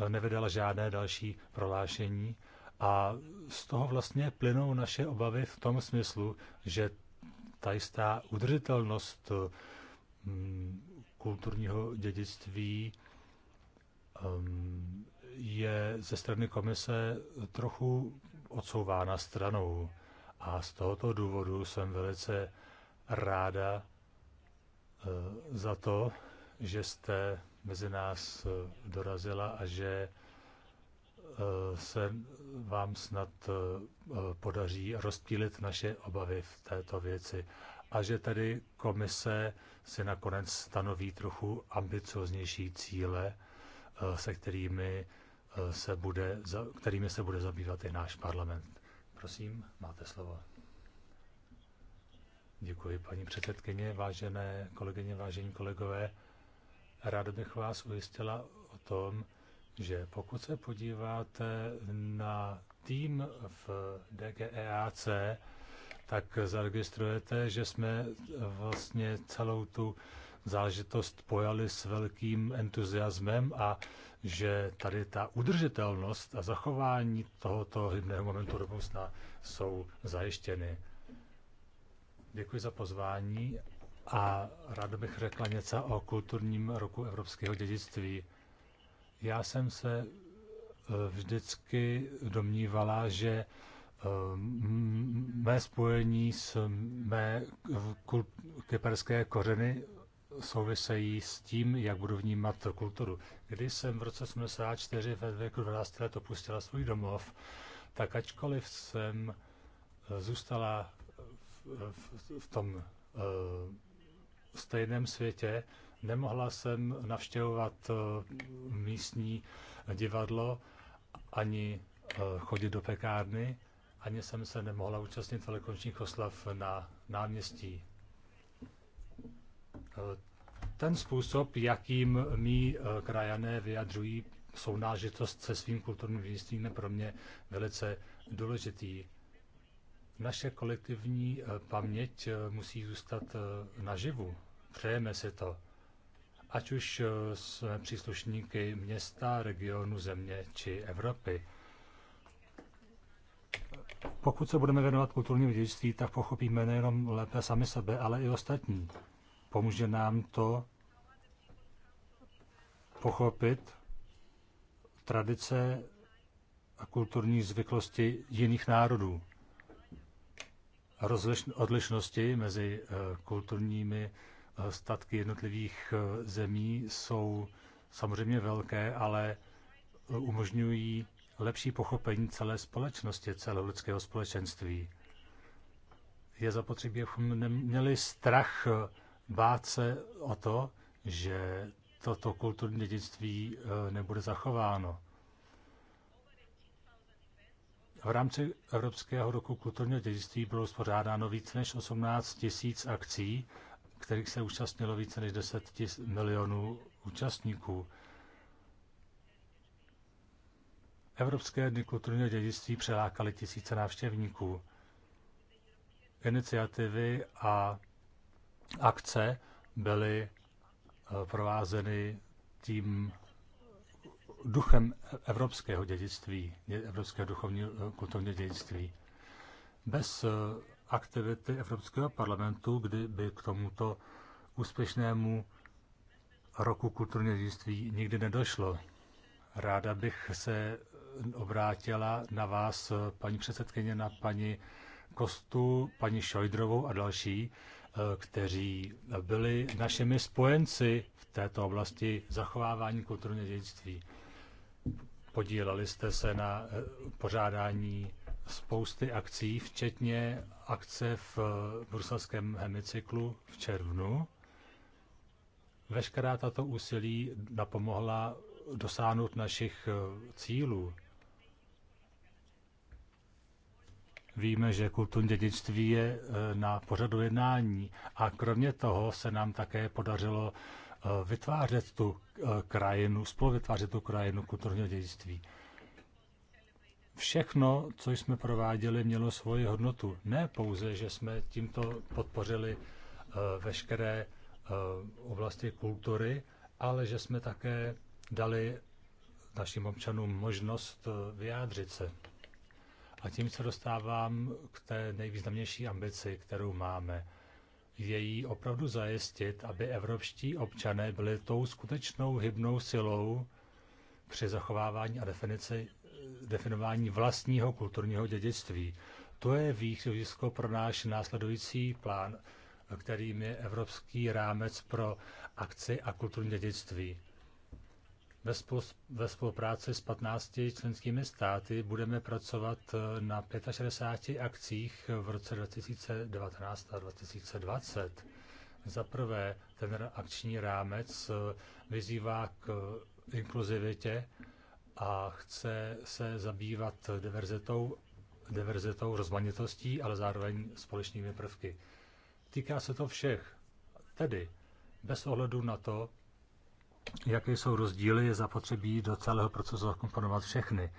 nevydala žádné další prohlášení a z toho vlastně plynou naše obavy v tom smyslu, že ta jistá udržitelnost mm, kulturního dědictví Ehm, je ze strany komise trochu odsouvána stranou. A z tohoto důvodu jsem velice ráda eh, za to, že jste mezi nás eh, dorazila a že eh, se vám snad podaří rozptýlit naše obavy v této věci a že tedy komise si nakonec stanoví trochu ambicioznější cíle Eh, se kterými eh, se bude, kterými se bude zabývat i náš parlament. Prosím, máte slovo. Děkuji, paní předsedkyně, vážené kolegyně, vážení kolegové. Ráda bych vás ujistila o tom, že pokud se podíváte na tým v DGEAC, tak zaregistrujete, že jsme vlastně celou tu záležitost pojali s velkým entuziasmem a že tady ta udržitelnost a zachování tohoto hybného momentu do budoucna jsou zajištěny. Děkuji za pozvání a rád bych řekla něco o kulturním roku evropského dědictví. Já jsem se eh, vždycky domnívala, že eh, mé spojení s mé kyperské kořeny souvisejí s tím, jak budu vnímat kulturu. Když jsem v roce 84 ve věku 12 let opustila svůj domov, tak ačkoliv jsem eh, zůstala v, v, v tom v eh, stejném světě, nemohla jsem navštěvovat eh, místní divadlo, ani chodit do pekárny, ani jsem se nemohla účastnit velikonočních oslav na náměstí. Ten způsob, jakým mý eh, krajané vyjadřují sounážitost se svým kulturním dědictvím, je pro mě velice důležitý. Naše kolektivní eh, paměť eh, musí zůstat naživu. Přejeme si to. Ať už jsme příslušníky města, regionu, země či Evropy. Pokud se budeme věnovat kulturnímu dědictví, tak pochopíme nejenom lépe sami sebe, ale i ostatní. Pomůže nám to pochopit tradice a kulturní zvyklosti jiných národů a odlišnosti mezi eh, kulturními eh, statky jednotlivých eh, zemí jsou samozřejmě velké, ale umožňují lepší pochopení celé společnosti, celého lidského společenství. Je zapotřebí, abychom neměli strach bát se o to, že toto kulturní dědictví eh, nebude zachováno. V rámci Evropského roku kulturního dědictví bylo spořádáno více než 18 tisíc akcí, kterých se účastnilo více než 10 milionů účastníků. Evropské dny kulturního dědictví přelákaly tisíce návštěvníků. Iniciativy a akce byly eh, provázeny tím duchem evropského dědictví, evropského duchovního eh, kulturního dědictví. Bez eh, aktivity Evropského parlamentu, kdy by k tomuto úspěšnému roku kulturního dědictví nikdy nedošlo. Ráda bych se obrátila na vás, paní předsedkyně, na paní Kostu, paní Šojdrovou a další, Eh, kteří byli našimi spojenci v této oblasti zachovávání kulturního dědictví. Podíleli jste se na eh, pořádání spousty akcí, včetně akce v eh, bruselském hemicyklu v červnu. Veškerá tato úsilí napomohla dosáhnout našich cílů. Víme, že kulturní dědictví je eh, na pořadu jednání a kromě toho se nám také podařilo eh, vytvářet tu eh, krajinu, spolu vytvářet tu krajinu kulturního dědictví. Všechno, co jsme prováděli, mělo svoji hodnotu. Ne pouze, že jsme tímto podpořili veškeré oblasti kultury, ale že jsme také dali našim občanům možnost vyjádřit se. A tím se dostávám k té nejvýznamnější ambici, kterou máme. Je jí opravdu zajistit, aby evropští občané byli tou skutečnou hybnou silou při zachovávání a definici, definování vlastního kulturního dědictví. To je východisko pro náš následující plán, kterým je Evropský rámec pro akci a kulturní dědictví. Ve, spolupráci s 15 členskými státy budeme pracovat eh, na 65 akcích v roce 2019 a 2020. Za prvé, ten akční rámec eh, vyzývá k eh, inkluzivitě a chce se zabývat diverzitou, diverzitou rozmanitostí, ale zároveň společnými prvky. Týká se to všech, tedy bez ohledu na to, jaké jsou rozdíly, je zapotřebí do celého procesu zakomponovat všechny.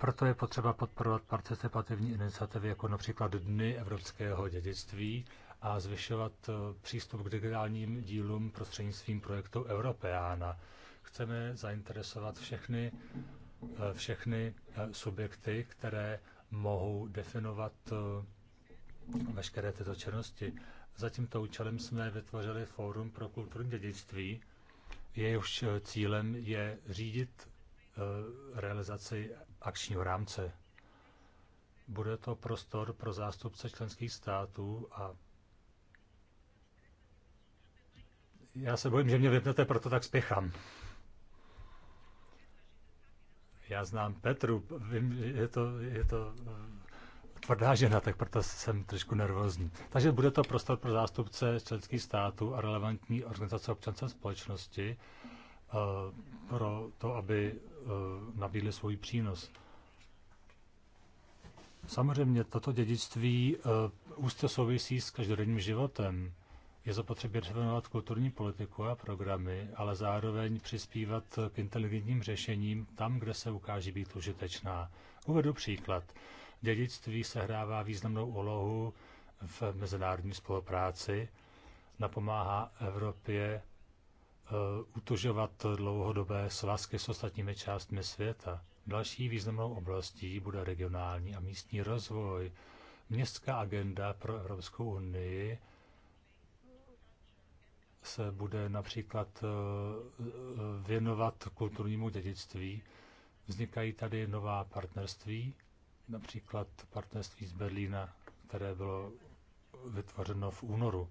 Proto je potřeba podporovat participativní iniciativy, jako například Dny evropského dědictví a zvyšovat eh, přístup k digitálním dílům prostřednictvím projektu Europeana. Chceme zainteresovat všechny, eh, všechny eh, subjekty, které mohou definovat veškeré tyto činnosti. Za tímto účelem jsme vytvořili Fórum pro kulturní dědictví, jehož eh, cílem je řídit eh, realizaci akčního rámce. Bude to prostor pro zástupce členských států a já se bojím, že mě vypnete, proto tak spěchám. Já znám Petru, vím, je to, je to eh, tvrdá žena, tak proto jsem trošku nervózní. Takže bude to prostor pro zástupce členských států a relevantní organizace občanské společnosti eh, pro to, aby eh, nabídli svůj přínos. Samozřejmě toto dědictví eh, úzce souvisí s každodenním životem. Je zapotřebí definovat kulturní politiku a programy, ale zároveň přispívat k inteligentním řešením tam, kde se ukáže být užitečná. Uvedu příklad. Dědictví sehrává významnou úlohu v mezinárodní spolupráci, napomáhá Evropě eh, utužovat dlouhodobé svazky s ostatními částmi světa. Další významnou oblastí bude regionální a místní rozvoj. Městská agenda pro Evropskou unii se bude například eh, eh, věnovat kulturnímu dědictví. Vznikají tady nová partnerství například partnerství z Berlína, které bylo vytvořeno v únoru.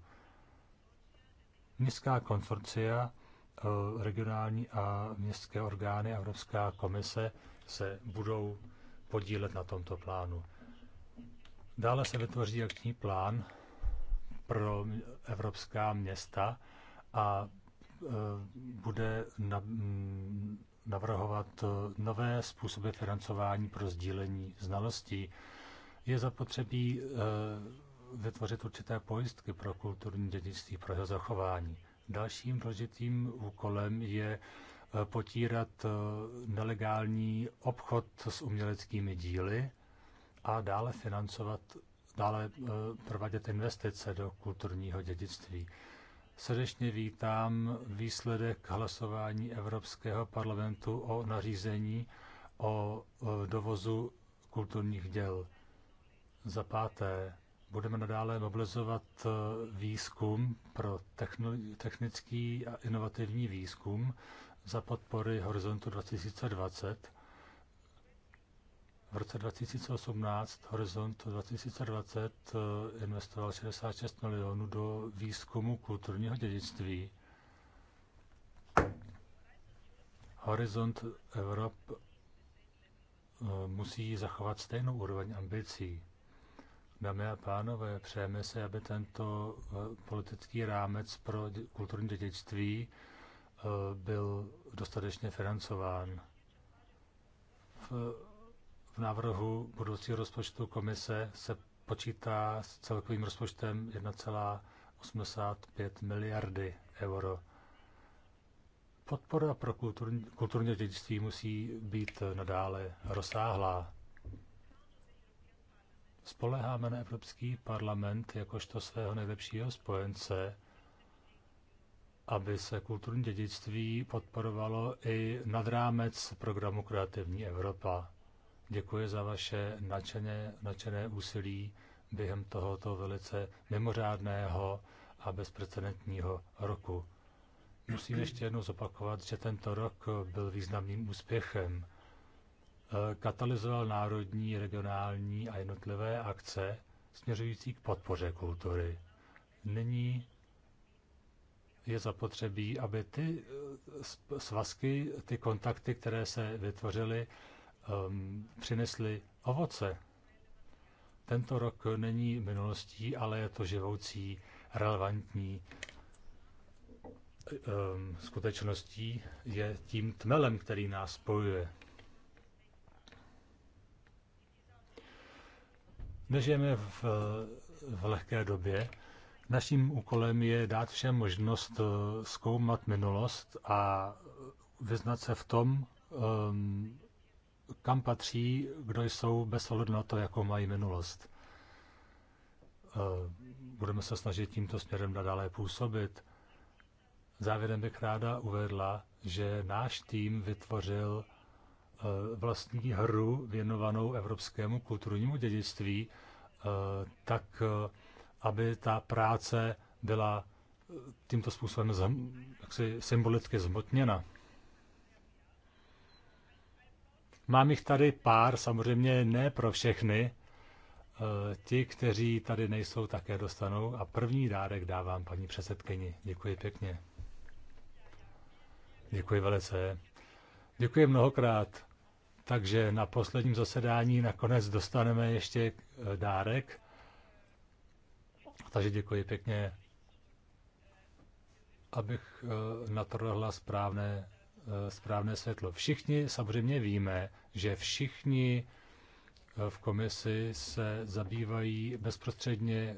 Městská konsorcia, eh, regionální a městské orgány Evropská komise se budou podílet na tomto plánu. Dále se vytvoří akční plán pro evropská města a eh, bude na, mm, navrhovat eh, nové způsoby financování pro sdílení znalostí. Je zapotřebí eh, vytvořit určité pojistky pro kulturní dědictví, pro jeho zachování. Dalším důležitým úkolem je eh, potírat nelegální obchod s uměleckými díly a dále financovat, dále provádět investice do kulturního dědictví. Srdečně vítám výsledek hlasování Evropského parlamentu o nařízení o dovozu kulturních děl. Za páté, budeme nadále mobilizovat e, výzkum pro technický a inovativní výzkum za podpory Horizontu 2020 v roce 2018 Horizont 2020 eh, investoval 66 milionů do výzkumu kulturního dědictví. Horizont Evrop eh, musí zachovat stejnou úroveň ambicí. Dámy a pánové, přejeme se, aby tento eh, politický rámec pro kulturní dědictví byl dostatečně financován. V návrhu budoucího rozpočtu komise se počítá s celkovým rozpočtem 1,85 miliardy euro. Podpora pro kulturní, kulturní dědictví musí být nadále rozsáhlá. Spoleháme na Evropský parlament jakožto svého nejlepšího spojence, aby se kulturní dědictví podporovalo i nad rámec programu Kreativní Evropa. Děkuji za vaše nadšené, nadšené úsilí během tohoto velice mimořádného a bezprecedentního roku. Musím ještě jednou zopakovat, že tento rok byl významným úspěchem. Eh, Katalyzoval národní, regionální a jednotlivé akce směřující k podpoře kultury. Nyní je zapotřebí, aby ty eh, svazky, ty kontakty, které se vytvořily, um, přinesly ovoce. Tento rok není minulostí, ale je to živoucí, relevantní um, skutečností, je tím tmelem, který nás spojuje. Nežijeme v, v lehké době. Naším úkolem je dát všem možnost uh, zkoumat minulost a uh, vyznat se v tom, um, kam patří, kdo jsou bez ohledu na to, jakou mají minulost. Eh, budeme se snažit tímto směrem nadále působit. Závěrem bych ráda uvedla, že náš tým vytvořil eh, vlastní hru věnovanou evropskému kulturnímu dědictví, eh, tak aby ta práce byla tímto způsobem jaksi symbolicky zmotněna. Mám jich tady pár, samozřejmě ne pro všechny. Eh, ti, kteří tady nejsou, také dostanou. A první dárek dávám paní předsedkyni. Děkuji pěkně. Děkuji velice. Děkuji mnohokrát. Takže na posledním zasedání nakonec dostaneme ještě eh, dárek. Takže děkuji pěkně, abych eh, natrhla správné Eh, správné světlo. Všichni samozřejmě víme, že všichni eh, v komisi se zabývají bezprostředně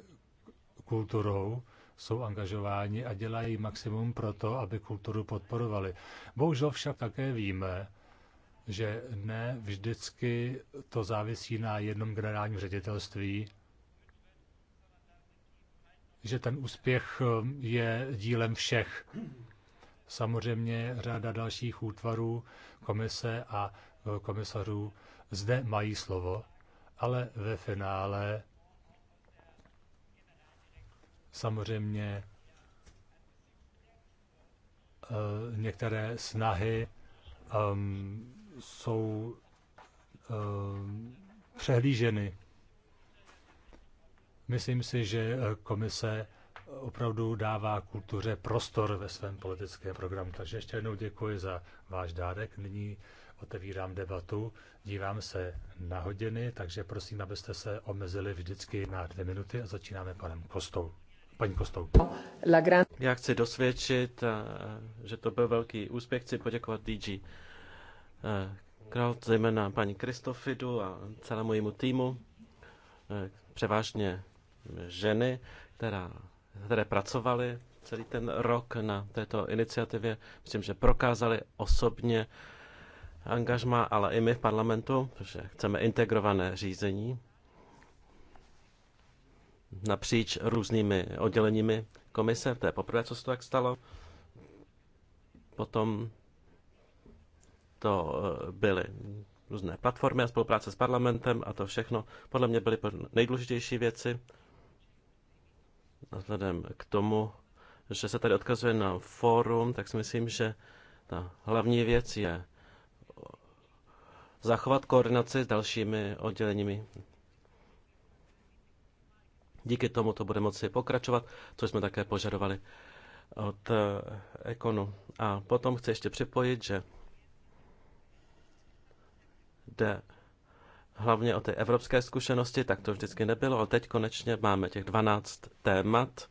kulturou, jsou angažováni a dělají maximum pro to, aby kulturu podporovali. Bohužel však také víme, že ne vždycky to závisí na jednom generálním ředitelství, že ten úspěch eh, je dílem všech. Samozřejmě řada dalších útvarů, komise a e, komisařů zde mají slovo, ale ve finále samozřejmě e, některé snahy um, jsou um, přehlíženy. Myslím si, že e, komise opravdu dává kultuře prostor ve svém politickém programu. Takže ještě jednou děkuji za váš dárek. Nyní otevírám debatu. Dívám se na hodiny, takže prosím, abyste se omezili vždycky na dvě minuty a začínáme panem Kostou. Paní Kostou. Já chci dosvědčit, eh, že to byl velký úspěch. Chci poděkovat DG eh, Kraut, zejména paní Kristofidu a celému jejímu týmu, eh, převážně ženy, která které pracovali celý ten rok na této iniciativě. Myslím, že prokázali osobně angažma, ale i my v parlamentu, protože chceme integrované řízení napříč různými odděleními komise. To je poprvé, co se to tak stalo. Potom to eh, byly různé platformy a spolupráce s parlamentem a to všechno podle mě byly nejdůležitější věci vzhledem k tomu, že se tady odkazuje na fórum, tak si myslím, že ta hlavní věc je zachovat koordinaci s dalšími odděleními. Díky tomu to bude moci pokračovat, což jsme také požadovali od eh, Ekonu. A potom chci ještě připojit, že jde hlavně o ty evropské zkušenosti, tak to vždycky nebylo. A teď konečně máme těch 12 témat,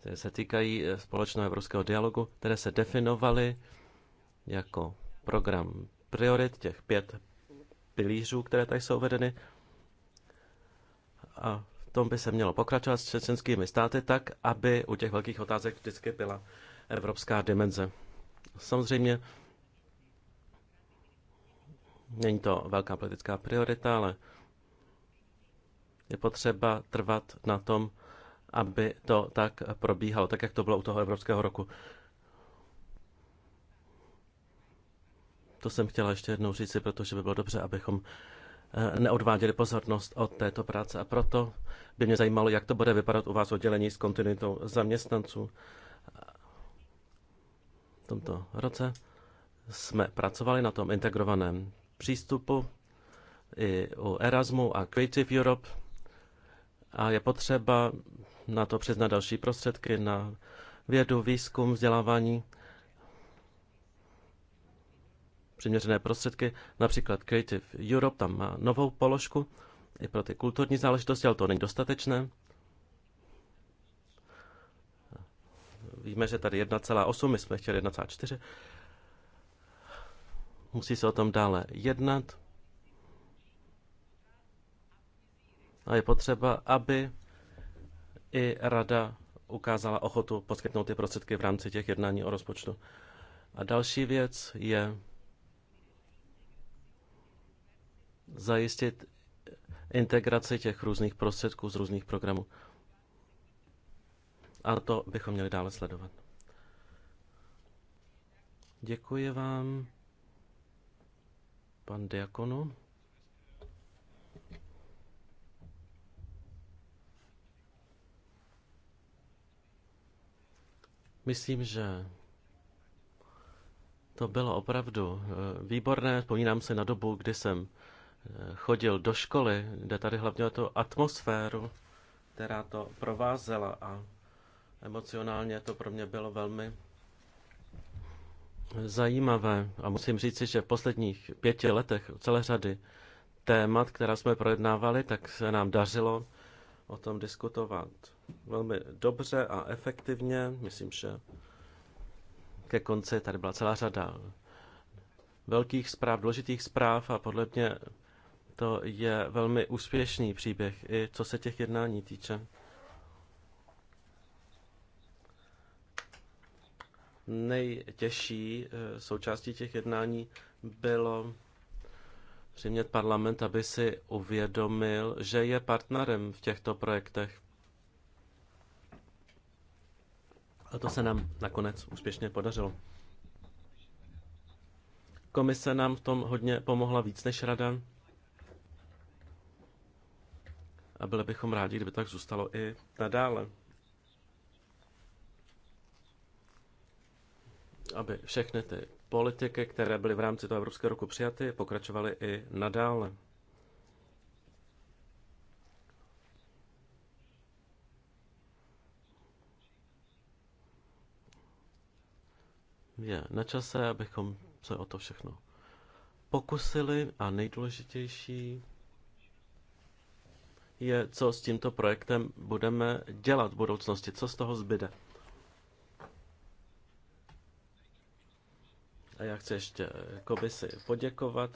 které se týkají eh, společného evropského dialogu, které se definovaly jako program priorit, těch pět pilířů, které tady jsou uvedeny. A v tom by se mělo pokračovat s čečenskými státy tak, aby u těch velkých otázek vždycky byla evropská dimenze. Samozřejmě Není to velká politická priorita, ale je potřeba trvat na tom, aby to tak probíhalo, tak jak to bylo u toho Evropského roku. To jsem chtěla ještě jednou říci, protože by bylo dobře, abychom eh, neodváděli pozornost od této práce. A proto by mě zajímalo, jak to bude vypadat u vás oddělení s kontinuitou zaměstnanců. V tomto roce jsme pracovali na tom integrovaném přístupu i u Erasmu a Creative Europe a je potřeba na to přiznat další prostředky na vědu, výzkum, vzdělávání, přiměřené prostředky, například Creative Europe, tam má novou položku i pro ty kulturní záležitosti, ale to není dostatečné. Víme, že tady 1,8, my jsme chtěli 1,4 Musí se o tom dále jednat. A je potřeba, aby i rada ukázala ochotu poskytnout ty prostředky v rámci těch jednání o rozpočtu. A další věc je zajistit integraci těch různých prostředků z různých programů. A to bychom měli dále sledovat. Děkuji vám. Pan Diakono. Myslím, že to bylo opravdu eh, výborné. Vzpomínám se na dobu, kdy jsem eh, chodil do školy, kde tady hlavně o tu atmosféru, která to provázela a emocionálně to pro mě bylo velmi zajímavé a musím říci, že v posledních pěti letech celé řady témat, která jsme projednávali, tak se nám dařilo o tom diskutovat velmi dobře a efektivně. Myslím, že ke konci tady byla celá řada velkých zpráv, důležitých zpráv a podle mě to je velmi úspěšný příběh, i co se těch jednání týče. nejtěžší eh, součástí těch jednání bylo přimět parlament, aby si uvědomil, že je partnerem v těchto projektech. A to se nám nakonec úspěšně podařilo. Komise nám v tom hodně pomohla víc než rada. A byli bychom rádi, kdyby tak zůstalo i nadále. aby všechny ty politiky, které byly v rámci toho Evropského roku přijaty, pokračovaly i nadále. Je na čase, abychom se o to všechno pokusili a nejdůležitější je, co s tímto projektem budeme dělat v budoucnosti, co z toho zbyde. A já chci ještě eh, komisi poděkovat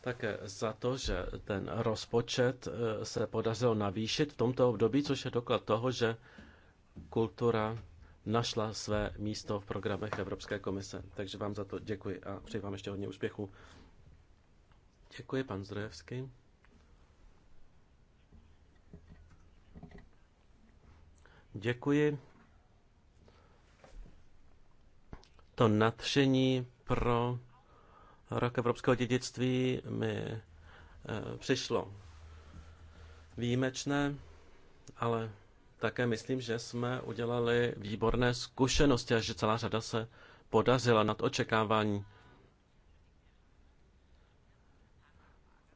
také za to, že ten rozpočet eh, se podařilo navýšit v tomto období, což je doklad toho, že kultura našla své místo v programech Evropské komise. Takže vám za to děkuji a přeji vám ještě hodně úspěchů. Děkuji, pan Zdrojevský. Děkuji. to nadšení pro rok evropského dědictví mi eh, přišlo výjimečné, ale také myslím, že jsme udělali výborné zkušenosti a že celá řada se podařila nad očekávání.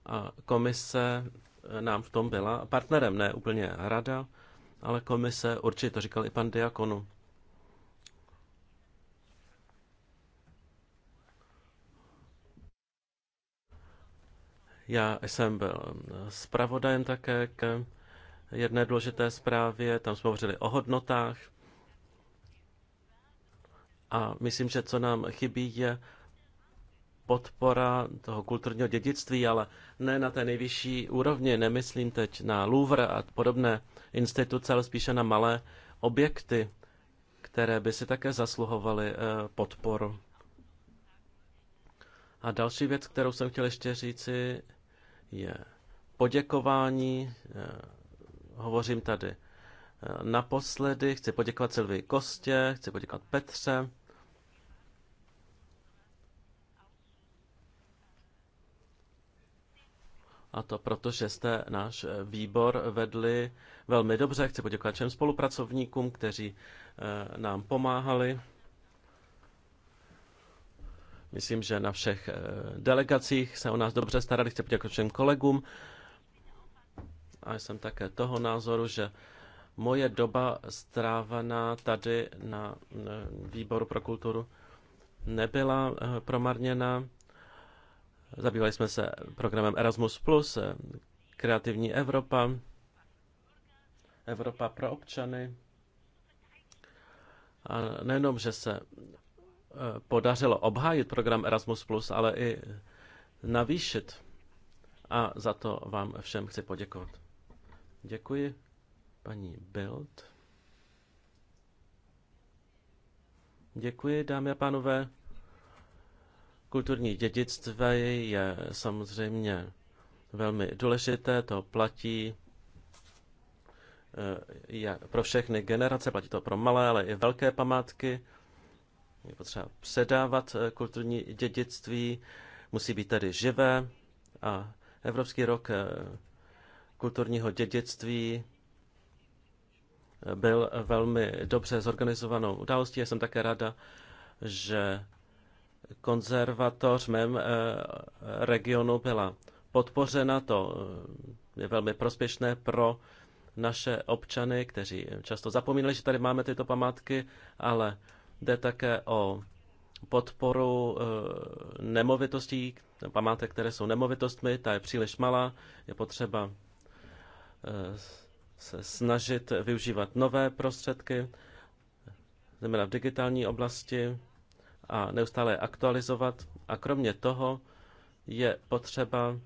A komise eh, nám v tom byla partnerem, ne úplně rada, ale komise určitě, to říkal i pan Diakonu. Já jsem byl um, zpravodajem také k jedné důležité zprávě, tam jsme hovořili o hodnotách a myslím, že co nám chybí je podpora toho kulturního dědictví, ale ne na té nejvyšší úrovni, nemyslím teď na Louvre a podobné instituce, ale spíše na malé objekty, které by si také zasluhovaly eh, podporu. A další věc, kterou jsem chtěl ještě říci, je poděkování. Eh, hovořím tady eh, naposledy. Chci poděkovat Silvi Kostě, chci poděkovat Petře. A to proto, že jste náš eh, výbor vedli velmi dobře. Chci poděkovat všem spolupracovníkům, kteří nám pomáhali. Myslím, že na všech eh, delegacích se o nás dobře starali, chci poděkovat všem kolegům. A jsem také toho názoru, že moje doba strávená tady na eh, výboru pro kulturu nebyla eh, promarněna. Zabývali jsme se programem Erasmus+, Kreativní Evropa, Evropa pro občany. A nejenom, že se podařilo obhájit program Erasmus, ale i navýšit. A za to vám všem chci poděkovat. Děkuji, paní Bild. Děkuji, dámy a pánové. Kulturní dědictví je samozřejmě velmi důležité, to platí eh, pro všechny generace, platí to pro malé, ale i velké památky. Je potřeba předávat eh, kulturní dědictví, musí být tady živé a Evropský rok eh, kulturního dědictví eh, byl velmi dobře zorganizovanou událostí. Já jsem také ráda, že konzervatoř mém regionu byla podpořena. To je velmi prospěšné pro naše občany, kteří často zapomínali, že tady máme tyto památky, ale Jde také o podporu eh, nemovitostí, památek, které jsou nemovitostmi, ta je příliš malá, je potřeba eh, se snažit využívat nové prostředky, zejména v digitální oblasti a neustále je aktualizovat. A kromě toho je potřeba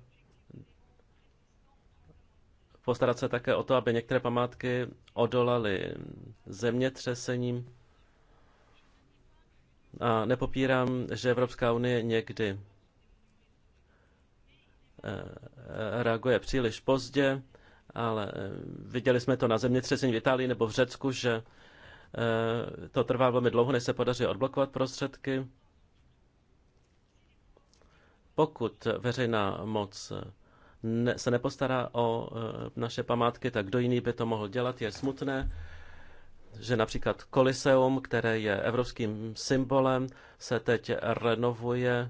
postarat se také o to, aby některé památky odolaly zemětřesením a nepopírám, že Evropská unie někdy eh, eh, reaguje příliš pozdě, ale eh, viděli jsme to na zemětřesení v Itálii nebo v Řecku, že to trvá velmi dlouho, než se podaří odblokovat prostředky. Pokud veřejná moc se nepostará o naše památky, tak kdo jiný by to mohl dělat? Je smutné, že například Koliseum, které je evropským symbolem, se teď renovuje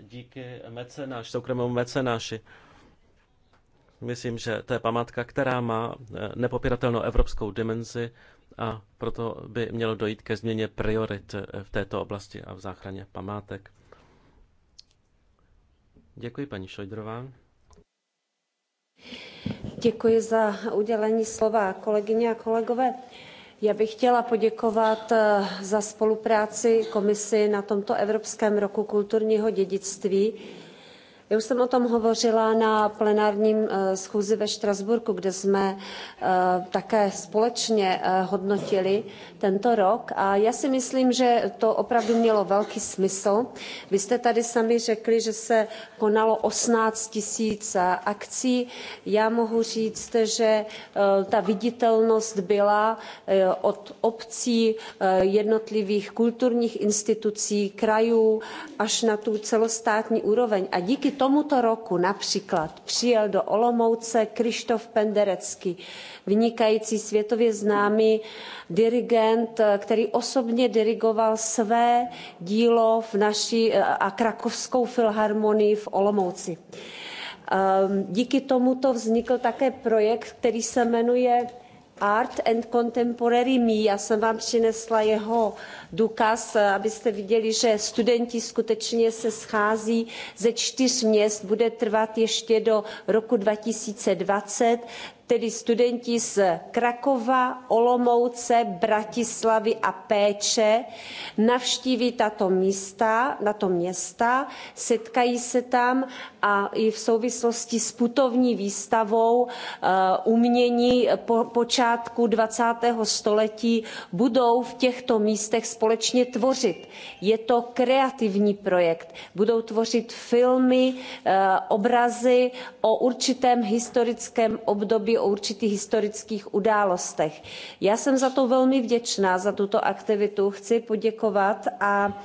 díky mecenáši, soukromému mecenáši. Myslím, že to je památka, která má eh, nepopiratelnou evropskou dimenzi a proto by mělo dojít ke změně priorit eh, v této oblasti a v záchraně památek. Děkuji, paní Šojdrová. Děkuji za udělení slova, kolegyně a kolegové. Já bych chtěla poděkovat eh, za spolupráci komisi na tomto Evropském roku kulturního dědictví já už jsem o tom hovořila na plenárním eh, schůzi ve Štrasburku, kde jsme eh, také společně eh, hodnotili tento rok a já si myslím, že to opravdu mělo velký smysl. Vy jste tady sami řekli, že se konalo 18 tisíc akcí. Já mohu říct, že ta viditelnost byla od obcí, jednotlivých kulturních institucí, krajů až na tu celostátní úroveň. A díky tomuto roku například přijel do Olomouce Krištof Penderecký, vynikající světově známý dirigent, který osobně dirigoval své dílo v naší a krakovskou filharmonii v Olomouci. Ehm, díky tomuto vznikl také projekt, který se jmenuje Art and Contemporary Me. Já jsem vám přinesla jeho důkaz, abyste viděli, že studenti skutečně se schází ze čtyř měst, bude trvat ještě do roku 2020 tedy studenti z Krakova, Olomouce, Bratislavy a Péče navštíví tato místa, na to města, setkají se tam a i v souvislosti s putovní výstavou uh, umění po, počátku 20. století budou v těchto místech společně tvořit. Je to kreativní projekt. Budou tvořit filmy, uh, obrazy o určitém historickém období o určitých historických událostech. já jsem za to velmi vděčná za tuto aktivitu chci poděkovat a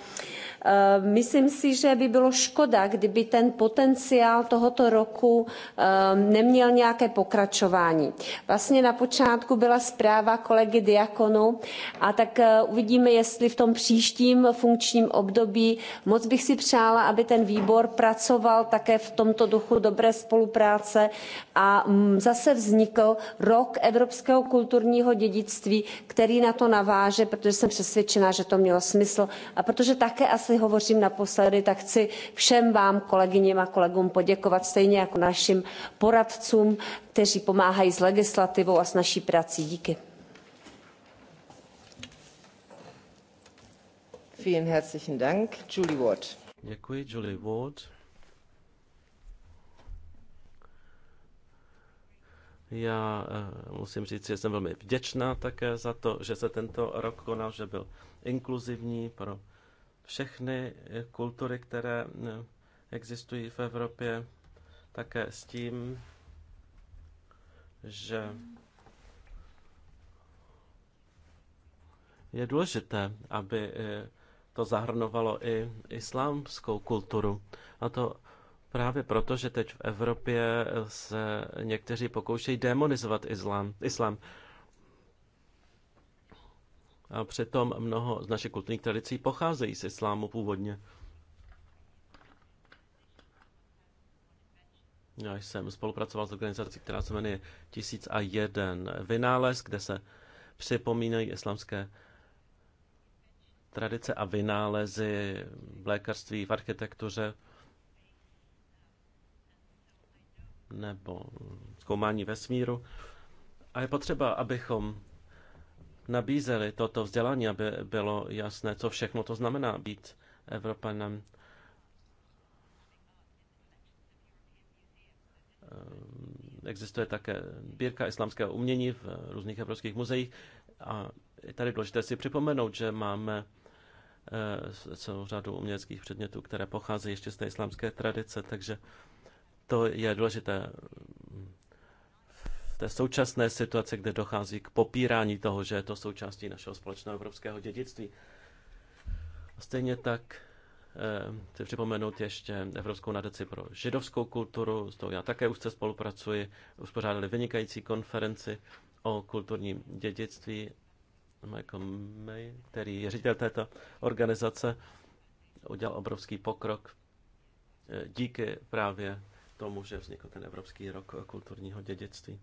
Eh, myslím si, že by bylo škoda, kdyby ten potenciál tohoto roku eh, neměl nějaké pokračování. Vlastně na počátku byla zpráva kolegy Diakonu a tak eh, uvidíme, jestli v tom příštím funkčním období moc bych si přála, aby ten výbor pracoval také v tomto duchu dobré spolupráce a mm, zase vznikl rok evropského kulturního dědictví, který na to naváže, protože jsem přesvědčena, že to mělo smysl a protože také asi jestli hovořím naposledy tak chci všem vám kolegyním a kolegům poděkovat stejně jako našim poradcům kteří pomáhají s legislativou a s naší prací. díky. Vielen herzlichen Dank. Julie Ward. Děkuji, Julie Ward. Já eh, musím říct, že jsem velmi vděčná také za to, že se tento rok konal, že byl inkluzivní pro všechny kultury, které eh, existují v Evropě, také s tím, že je důležité, aby eh, to zahrnovalo i islámskou kulturu. A to právě proto, že teď v Evropě se někteří pokoušejí demonizovat islám. islám. A přitom mnoho z našich kulturních tradicí pocházejí z islámu původně. Já jsem spolupracoval s organizací, která se jmenuje 1001 vynález, kde se připomínají islámské tradice a vynálezy v lékařství, v architektuře nebo zkoumání vesmíru. A je potřeba, abychom nabízeli toto vzdělání, aby bylo jasné, co všechno to znamená být Evropanem. Ehm, existuje také bírka islámského umění v různých evropských muzeích a je tady důležité si připomenout, že máme eh, celou řadu uměleckých předmětů, které pocházejí ještě z té islámské tradice, takže to je důležité té současné situace, kde dochází k popírání toho, že je to součástí našeho společného evropského dědictví. A stejně tak eh, chci připomenout ještě Evropskou nadaci pro židovskou kulturu, s tou já také úzce spolupracuji, uspořádali vynikající konferenci o kulturním dědictví. Michael May, který je ředitel této organizace, udělal obrovský pokrok eh, díky právě tomu, že vznikl ten Evropský rok kulturního dědictví.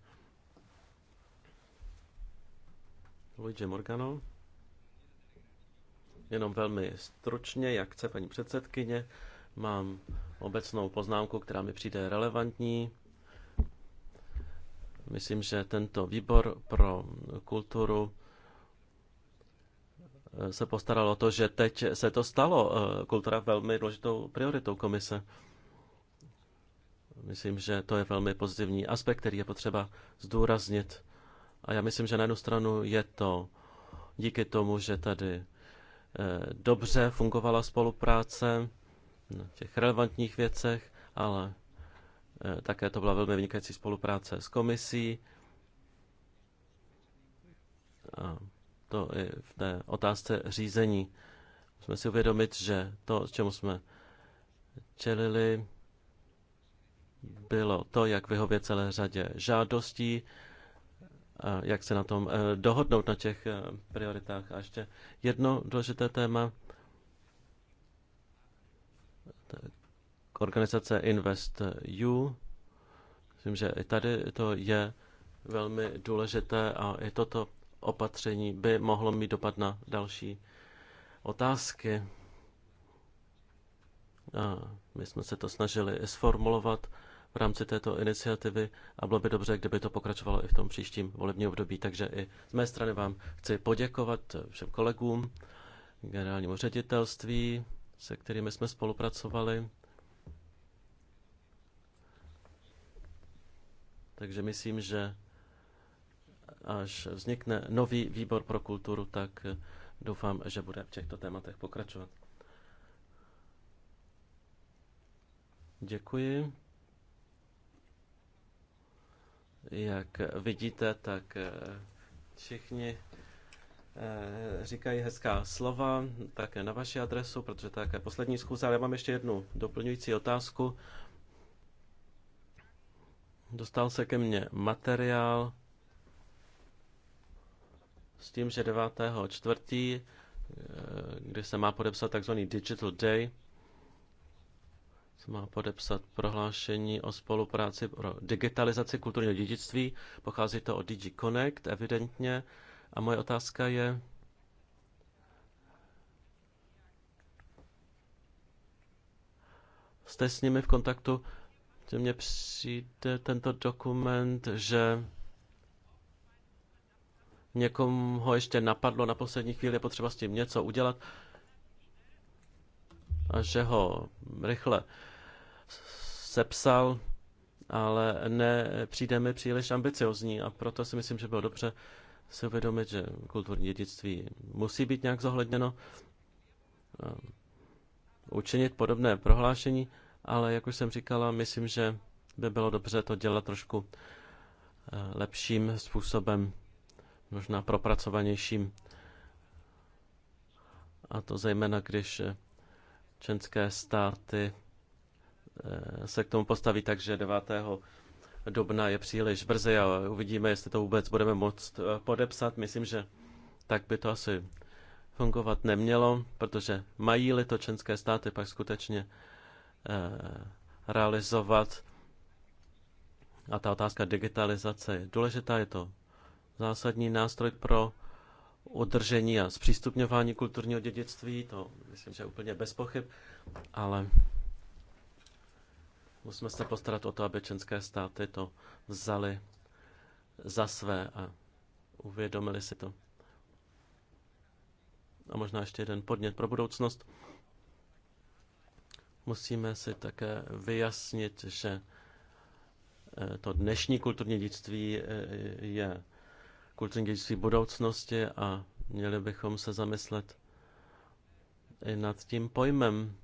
Luigi Morgano. Jenom velmi stručně, jak chce paní předsedkyně, mám obecnou poznámku, která mi přijde relevantní. Myslím, že tento výbor pro kulturu eh, se postaralo o to, že teď se to stalo. Eh, kultura velmi důležitou prioritou komise. Myslím, že to je velmi pozitivní aspekt, který je potřeba zdůraznit. A já myslím, že na jednu stranu je to díky tomu, že tady eh, dobře fungovala spolupráce na těch relevantních věcech, ale eh, také to byla velmi vynikající spolupráce s komisí. A to i v té otázce řízení. Musíme si uvědomit, že to, čemu jsme čelili, bylo to, jak vyhovět celé řadě žádostí, jak se na tom eh, dohodnout na těch eh, prioritách. A ještě jedno důležité téma. Organizace Invest EU. Myslím, že i tady to je velmi důležité a i toto opatření by mohlo mít dopad na další otázky. A my jsme se to snažili sformulovat v rámci této iniciativy a bylo by dobře, kdyby to pokračovalo i v tom příštím volebním období. Takže i z mé strany vám chci poděkovat všem kolegům, generálnímu ředitelství, se kterými jsme spolupracovali. Takže myslím, že až vznikne nový výbor pro kulturu, tak doufám, že bude v těchto tématech pokračovat. Děkuji. Jak vidíte, tak eh, všichni eh, říkají hezká slova také na vaši adresu, protože to je také poslední schůze, ale já mám ještě jednu doplňující otázku. Dostal se ke mně materiál s tím, že 9. čtvrtí, eh, kdy se má podepsat takzvaný Digital Day, má podepsat prohlášení o spolupráci pro digitalizaci kulturního dědictví. Pochází to od DG Connect, evidentně. A moje otázka je, jste s nimi v kontaktu, že mně přijde tento dokument, že někomu ho ještě napadlo na poslední chvíli, je potřeba s tím něco udělat a že ho rychle sepsal, ale ne, přijde mi příliš ambiciozní a proto si myslím, že bylo dobře si uvědomit, že kulturní dědictví musí být nějak zohledněno, eh, učinit podobné prohlášení, ale jak už jsem říkala, myslím, že by bylo dobře to dělat trošku eh, lepším způsobem, možná propracovanějším. A to zejména, když eh, členské státy Eh, se k tomu postaví, takže 9. dubna je příliš brzy a uvidíme, jestli to vůbec budeme moct eh, podepsat. Myslím, že tak by to asi fungovat nemělo, protože mají litočenské státy pak skutečně eh, realizovat a ta otázka digitalizace je důležitá, je to zásadní nástroj pro udržení a zpřístupňování kulturního dědictví, to myslím, že je úplně bez pochyb, ale Musíme se postarat o to, aby členské státy to vzali za své a uvědomili si to. A možná ještě jeden podnět pro budoucnost. Musíme si také vyjasnit, že eh, to dnešní kulturní dědictví eh, je kulturní dědictví budoucnosti a měli bychom se zamyslet i nad tím pojmem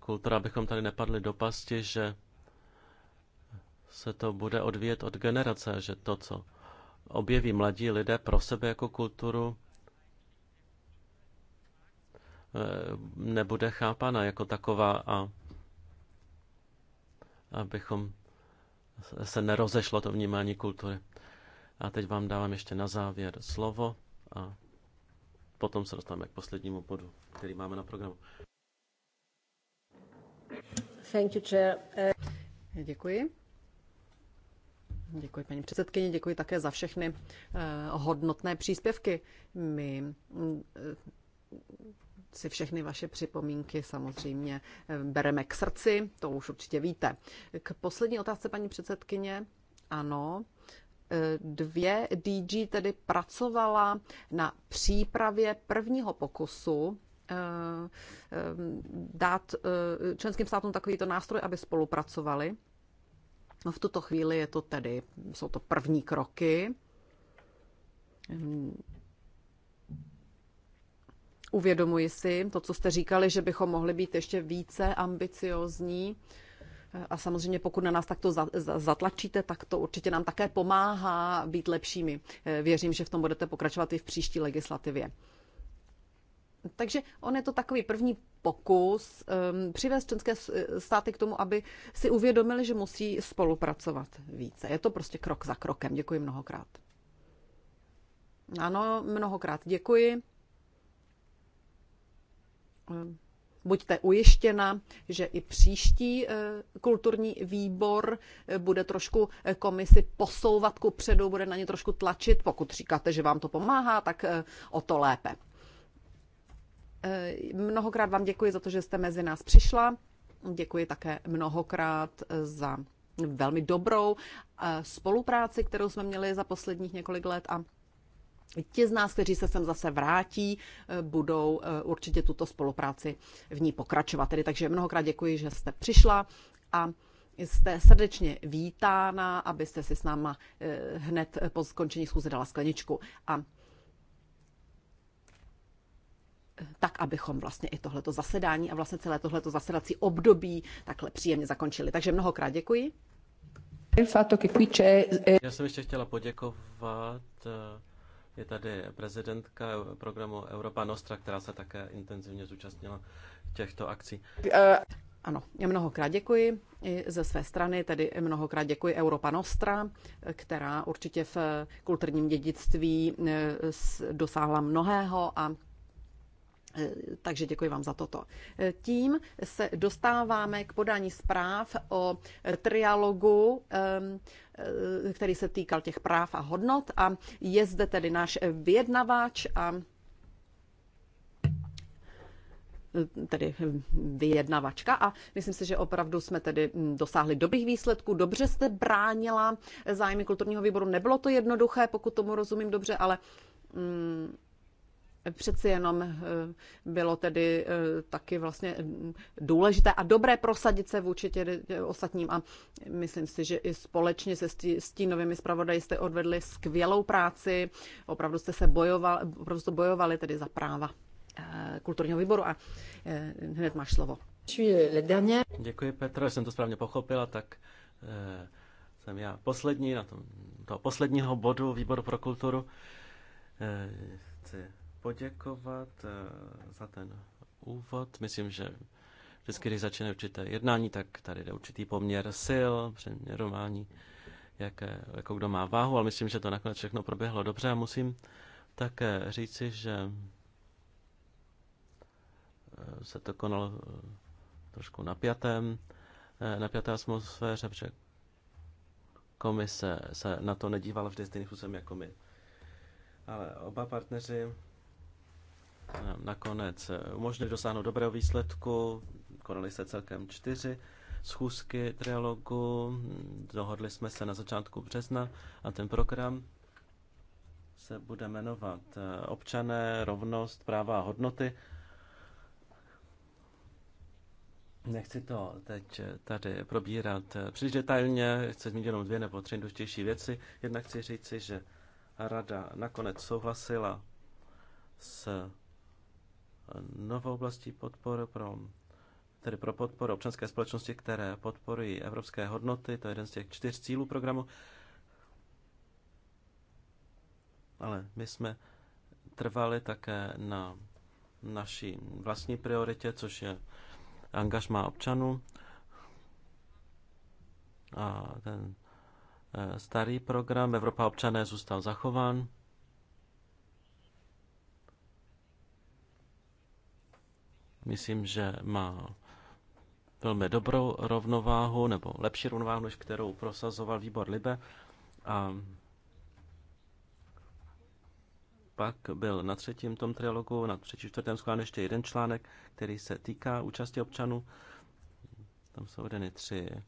kultura, abychom tady nepadli do pasti, že se to bude odvíjet od generace, že to, co objeví mladí lidé pro sebe jako kulturu, eh, nebude chápána jako taková a abychom se nerozešlo to vnímání kultury. A teď vám dávám ještě na závěr slovo a potom se dostaneme k poslednímu bodu, který máme na programu. Eh, děkuji. Děkuji, paní předsedkyně, děkuji také za všechny eh, hodnotné příspěvky. My mm, eh, si všechny vaše připomínky samozřejmě bereme k srdci, to už určitě víte. K poslední otázce, paní předsedkyně, ano, dvě DG tedy pracovala na přípravě prvního pokusu Eh, dát eh, členským státům takovýto nástroj, aby spolupracovali. No, v tuto chvíli je to tedy, jsou to první kroky. Uvědomuji si to, co jste říkali, že bychom mohli být ještě více ambiciozní. A samozřejmě, pokud na nás takto zatlačíte, tak to určitě nám také pomáhá být lepšími. Eh, věřím, že v tom budete pokračovat i v příští legislativě. Takže on je to takový první pokus um, přivést členské státy k tomu, aby si uvědomili, že musí spolupracovat více. Je to prostě krok za krokem. Děkuji mnohokrát. Ano, mnohokrát děkuji. Ehm, buďte ujištěna, že i příští eh, kulturní výbor eh, bude trošku eh, komisi posouvat ku předu, bude na ně trošku tlačit. Pokud říkáte, že vám to pomáhá, tak o to lépe. Eh, mnohokrát vám děkuji za to, že jste mezi nás přišla. Děkuji také mnohokrát eh, za velmi dobrou eh, spolupráci, kterou jsme měli za posledních několik let a Ti z nás, kteří se sem zase vrátí, budou určitě tuto spolupráci v ní pokračovat. Tedy, takže mnohokrát děkuji, že jste přišla a jste srdečně vítána, abyste si s náma hned po skončení schůze dala skleničku. A tak, abychom vlastně i tohleto zasedání a vlastně celé tohleto zasedací období takhle příjemně zakončili. Takže mnohokrát děkuji. Já jsem ještě chtěla poděkovat. Eh, je tady prezidentka programu Europa Nostra, která se také intenzivně zúčastnila těchto akcí. Ano, mnohokrát děkuji i ze své strany, tedy mnohokrát děkuji Europa Nostra, která určitě v kulturním dědictví eh, dosáhla mnohého a Eh, takže děkuji vám za toto. Eh, tím se dostáváme k podání zpráv o eh, trialogu, ehm, který se týkal těch práv a hodnot. A je zde tedy náš vyjednavač a tedy vyjednavačka a myslím si, že opravdu jsme tedy hm, dosáhli dobrých výsledků. Dobře jste bránila zájmy kulturního výboru. Nebylo to jednoduché, pokud tomu rozumím dobře, ale mm, přeci jenom eh, bylo tedy eh, taky vlastně eh, důležité a dobré prosadit se vůči tě ostatním a myslím si, že i společně se s novými zpravodaji jste odvedli skvělou práci, opravdu jste se bojovali, opravdu jste bojovali tedy za práva kulturního výboru a hned máš slovo. Děkuji Petra, jsem to správně pochopila, tak jsem já poslední na tom, toho posledního bodu výboru pro kulturu chci poděkovat eh, za ten úvod. Myslím, že vždycky, když začne určité jednání, tak tady jde určitý poměr sil, přeměrování, jak, jako kdo má váhu, ale myslím, že to nakonec všechno proběhlo dobře a musím také říci, že eh, se to konalo eh, trošku napjatém, napjaté atmosféře, protože komise se na to nedívala vždy stejným způsobem jako my. Ale oba partneři Ehm, nakonec eh, umožnili dosáhnout dobrého výsledku. Konali se celkem čtyři schůzky trialogu. Hm, dohodli jsme se na začátku března a ten program se bude jmenovat eh, Občané, rovnost, práva a hodnoty. Nechci to teď eh, tady probírat příliš detailně, chci zmínit jenom dvě nebo tři důležitější věci. Jednak chci říci, že Rada nakonec souhlasila s novou oblastí podpory pro, tedy pro podporu občanské společnosti, které podporují evropské hodnoty. To je jeden z těch čtyř cílů programu. Ale my jsme trvali také na naší vlastní prioritě, což je angažma občanů. A ten eh, starý program Evropa občané zůstal zachován. Myslím, že má velmi dobrou rovnováhu, nebo lepší rovnováhu, než kterou prosazoval výbor Libe. A pak byl na třetím tom trialogu, na třetí čtvrtém schválen ještě jeden článek, který se týká účasti občanů. Tam jsou vedeny tři eh,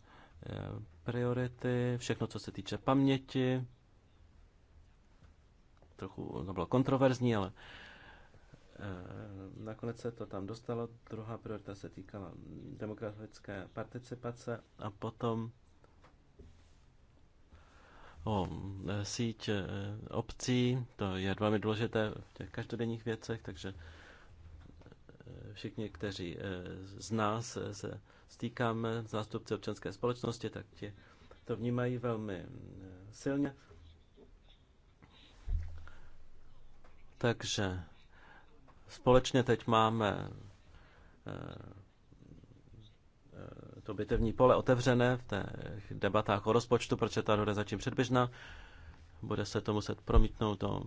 priority, všechno, co se týče paměti. Trochu to bylo kontroverzní, ale Nakonec se to tam dostalo. Druhá priorita se týkala demokratické participace a potom o e, síť e, obcí. To je velmi důležité v těch každodenních věcech, takže e, všichni, kteří z nás se stýkáme, zástupci občanské společnosti, tak ti to vnímají velmi silně. Takže Společně teď máme eh, eh, to bitevní pole otevřené v těch debatách o rozpočtu, protože ta dohoda zatím předběžná. Bude se to muset promítnout do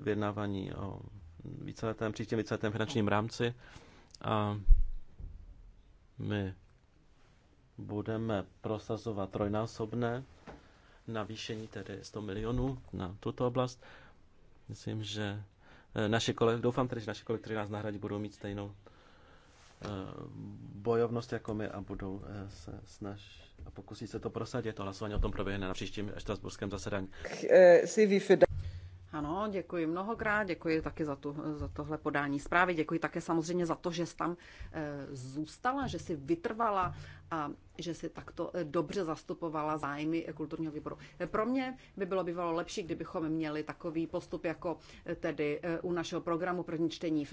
vyjednávání o víceletém, příštím víceletém finančním rámci. A my budeme prosazovat trojnásobné navýšení, tedy 100 milionů na tuto oblast. Myslím, že Eh, naše kolegy, doufám tedy, že naše kolegy, kteří nás nahradí, budou mít stejnou eh, bojovnost jako my a budou eh, se snaž a pokusí se to prosadit. To hlasování o tom proběhne na příštím štrasburském zasedání. Ano, děkuji mnohokrát, děkuji taky za, tu, za tohle podání zprávy, děkuji také samozřejmě za to, že jsi tam zůstala, že jsi vytrvala a že si takto eh, dobře zastupovala zájmy kulturního výboru. Eh, pro mě by bylo bývalo lepší, kdybychom měli takový postup jako eh, tedy u našeho programu první čtení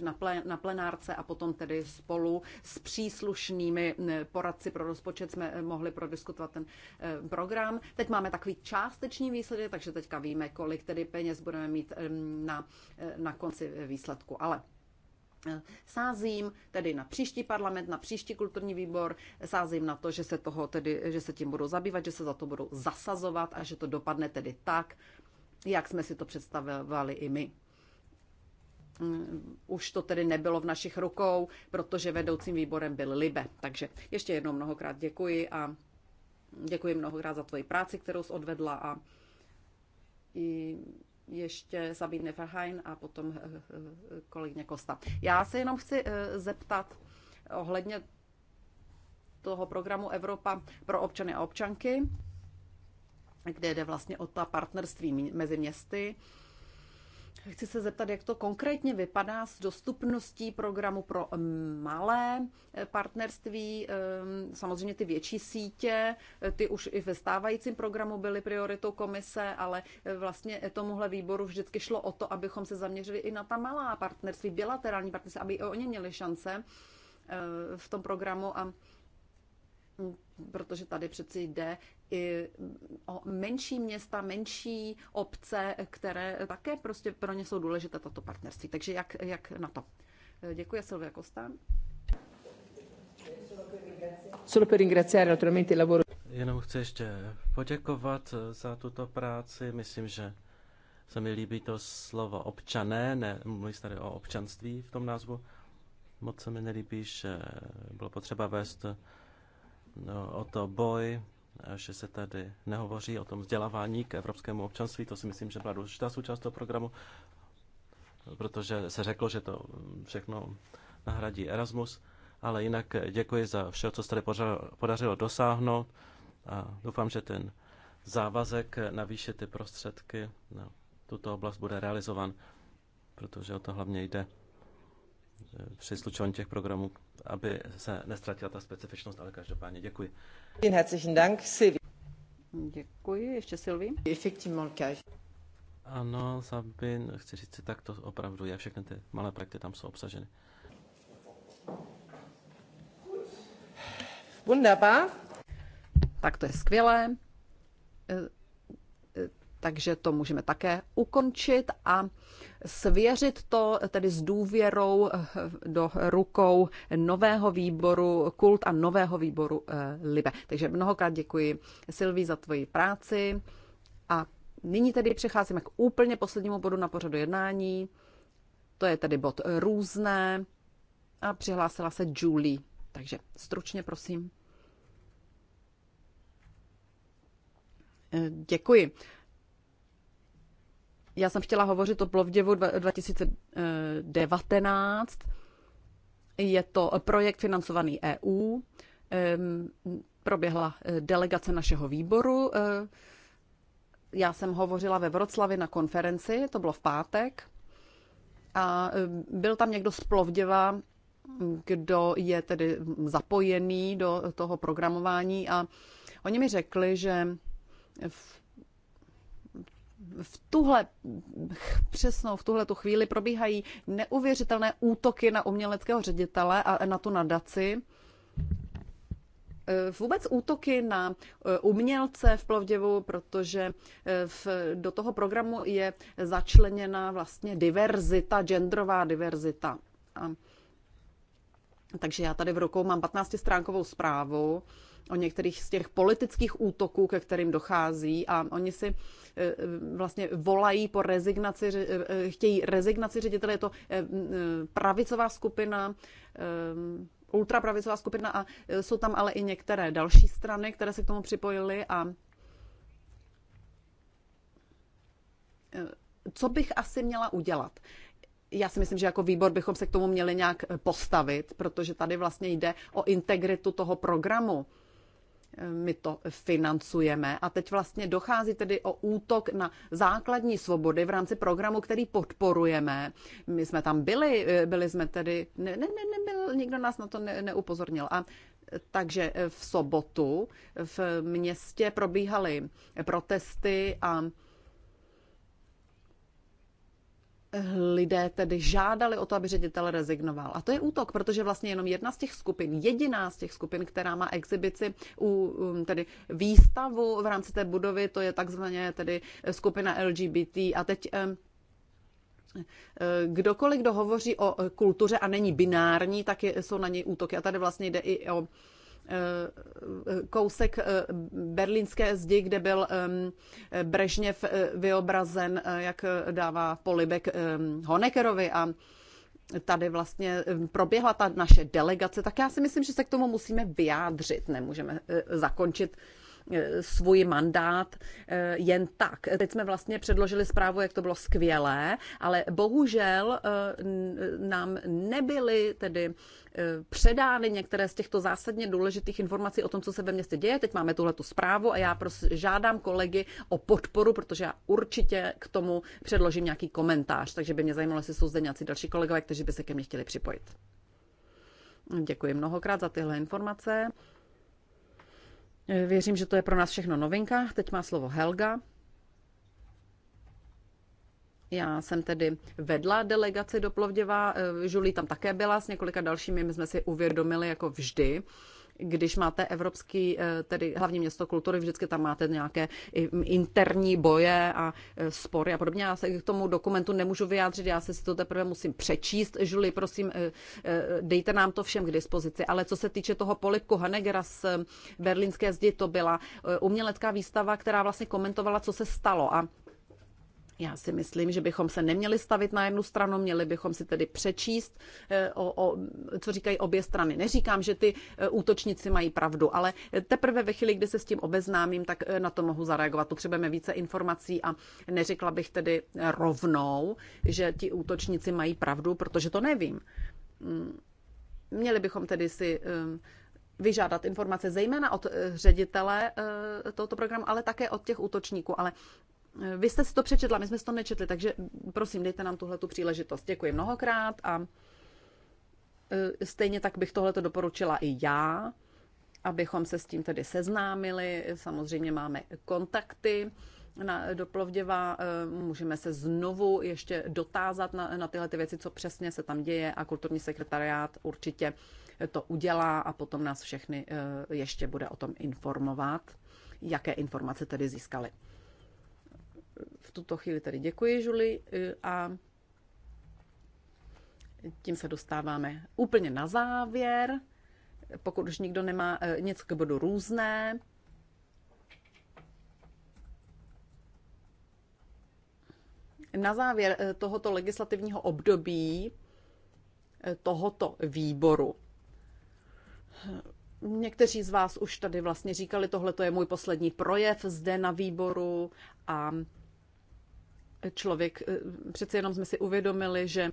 na plenárce a potom tedy spolu s příslušnými poradci pro rozpočet jsme mohli prodiskutovat ten program. Teď máme takový částečný výsledek, takže teďka víme, kolik tedy peněz budeme mít na, na konci výsledku. Ale Sázím tedy na příští parlament, na příští kulturní výbor, sázím na to, že se, toho tedy, že se tím budou zabývat, že se za to budou zasazovat a že to dopadne tedy tak, jak jsme si to představovali i my. Mm, už to tedy nebylo v našich rukou, protože vedoucím výborem byl Libe. Takže ještě jednou mnohokrát děkuji a děkuji mnohokrát za tvoji práci, kterou jsi odvedla a i ještě Sabine Neferhajn a potom eh, eh, kolegyně Kosta. Já se jenom chci eh, zeptat ohledně toho programu Evropa pro občany a občanky, kde jde vlastně o ta partnerství mezi městy. Chci se zeptat, jak to konkrétně vypadá s dostupností programu pro malé eh, partnerství. Ehm, samozřejmě ty větší sítě, eh, ty už i ve stávajícím programu byly prioritou komise, ale eh, vlastně tomuhle výboru vždycky šlo o to, abychom se zaměřili i na ta malá partnerství, bilaterální partnerství, aby i oni měli šance v tom programu a mm, protože tady přeci jde o menší města, menší obce, které také prostě pro ně jsou důležité tato partnerství. Takže jak, jak na to? Děkuji, Silvia Kosta. Jenom chci ještě poděkovat eh, za tuto práci. Myslím, že se mi líbí to slovo občané, ne, mluví tady o občanství v tom názvu. Moc se mi nelíbí, že bylo potřeba vést eh, no, o to boj že se tady nehovoří o tom vzdělávání k evropskému občanství. To si myslím, že byla důležitá součást toho programu, protože se řeklo, že to všechno nahradí Erasmus. Ale jinak děkuji za vše, co se tady podařilo dosáhnout a doufám, že ten závazek navýšit ty prostředky na tuto oblast bude realizovan, protože o to hlavně jde. Eh, při slučování těch programů, aby se nestratila ta specifičnost, ale každopádně děkuji. Děkuji, ještě Silvi. Ano, Sabin, chci říct si, tak to opravdu je, všechny ty malé projekty tam jsou obsaženy. Wunderbar. Tak to je skvělé. Eh, takže to můžeme také ukončit a svěřit to tedy s důvěrou eh, do rukou nového výboru Kult a nového výboru eh, Libe. Takže mnohokrát děkuji Silví za tvoji práci a nyní tedy přecházíme k úplně poslednímu bodu na pořadu jednání. To je tedy bod různé a přihlásila se Julie. Takže stručně prosím. Eh, děkuji. Já jsem chtěla hovořit o Plovděvu 2019. Je to projekt financovaný EU. Proběhla eh, delegace našeho výboru. Eh, já jsem hovořila ve Vroclavi na konferenci, to bylo v pátek. A eh, byl tam někdo z Plovděva, kdo je tedy zapojený do toho programování a oni mi řekli, že v v tuhle přesnou, v tuhle tu chvíli probíhají neuvěřitelné útoky na uměleckého ředitele a na tu nadaci. E, vůbec útoky na e, umělce v Plovděvu, protože e, v, do toho programu je začleněna vlastně diverzita, genderová diverzita. A, takže já tady v rukou mám 15-stránkovou zprávu, o některých z těch politických útoků, ke kterým dochází a oni si eh, eh, vlastně volají po rezignaci, eh, chtějí rezignaci ředitele, je to pravicová skupina, ultrapravicová skupina a jsou tam ale i některé další strany, které se k tomu připojily a co bych asi měla udělat? Já si myslím, že jako výbor bychom se k tomu měli nějak postavit, protože tady vlastně jde o integritu toho programu my to financujeme. A teď vlastně dochází tedy o útok na základní svobody v rámci programu, který podporujeme. My jsme tam byli, eh, byli jsme tedy, ne, ne, ne, nebyl, nikdo nás na to ne, neupozornil. A eh, takže eh, v sobotu v městě probíhaly protesty a lidé tedy žádali o to, aby ředitel rezignoval. A to je útok, protože vlastně jenom jedna z těch skupin, jediná z těch skupin, která má exhibici, u um, tedy výstavu v rámci té budovy, to je takzvaně tedy skupina LGBT. A teď eh, kdokoliv, kdo hovoří o kultuře a není binární, tak je, jsou na něj útoky. A tady vlastně jde i o Eh, eh, kousek eh, berlínské zdi, kde byl Brežněv vyobrazen, jak dává polibek Honeckerovi a tady vlastně proběhla ta naše delegace, tak já si myslím, že se k tomu musíme vyjádřit. Nemůžeme zakončit E, svůj mandát e, jen tak. Teď jsme vlastně předložili zprávu, jak to bylo skvělé, ale bohužel e, nám nebyly tedy předány některé z těchto zásadně důležitých informací o tom, co se ve městě děje. Teď máme tuhle zprávu a já prostě žádám kolegy o podporu, protože já určitě k tomu předložím nějaký komentář, takže by mě zajímalo, jestli jsou zde nějací další kolegové, kteří by se ke mně chtěli připojit. Děkuji mnohokrát za tyhle informace. Eh, věřím, že to je pro nás všechno novinka. Teď má slovo Helga. Já jsem tedy vedla delegaci do Plovděva, eh, Žulí tam také byla s několika dalšími, my jsme si uvědomili jako vždy, když máte evropský, eh, tedy hlavní město kultury, vždycky tam máte nějaké interní boje a eh, spory a podobně. Já se k tomu dokumentu nemůžu vyjádřit, já se si to teprve musím přečíst. Žuli, prosím, eh, dejte nám to všem k dispozici. Ale co se týče toho polipku Hanegera z berlínské zdi, to byla umělecká výstava, která vlastně komentovala, co se stalo. A já si myslím, že bychom se neměli stavit na jednu stranu, měli bychom si tedy přečíst, eh, o, o, co říkají obě strany. Neříkám, že ty eh, útočníci mají pravdu, ale teprve ve chvíli, kdy se s tím obeznámím, tak eh, na to mohu zareagovat. Potřebujeme více informací a neřekla bych tedy rovnou, že ti útočníci mají pravdu, protože to nevím. Mm, měli bychom tedy si vyžádat informace zejména od ředitele tohoto programu, ale také od těch útočníků. Ale vy jste si to přečetla, my jsme si to nečetli, takže prosím, dejte nám tuhle tu příležitost. Děkuji mnohokrát a e, stejně tak bych tohle doporučila i já, abychom se s tím tedy seznámili. Samozřejmě máme kontakty na doplovděva, e, můžeme se znovu ještě dotázat na, na tyhle ty věci, co přesně se tam děje a kulturní sekretariát určitě to udělá a potom nás všechny e, ještě bude o tom informovat, jaké informace tedy získali v tuto chvíli tady děkuji, Žuli, eh, a tím se dostáváme úplně na závěr. Pokud už nikdo nemá eh, něco k bodu různé, Na závěr eh, tohoto legislativního období tohoto výboru. Někteří z vás už tady vlastně říkali, tohle je můj poslední projev zde na výboru a člověk, eh, přece jenom jsme si uvědomili, že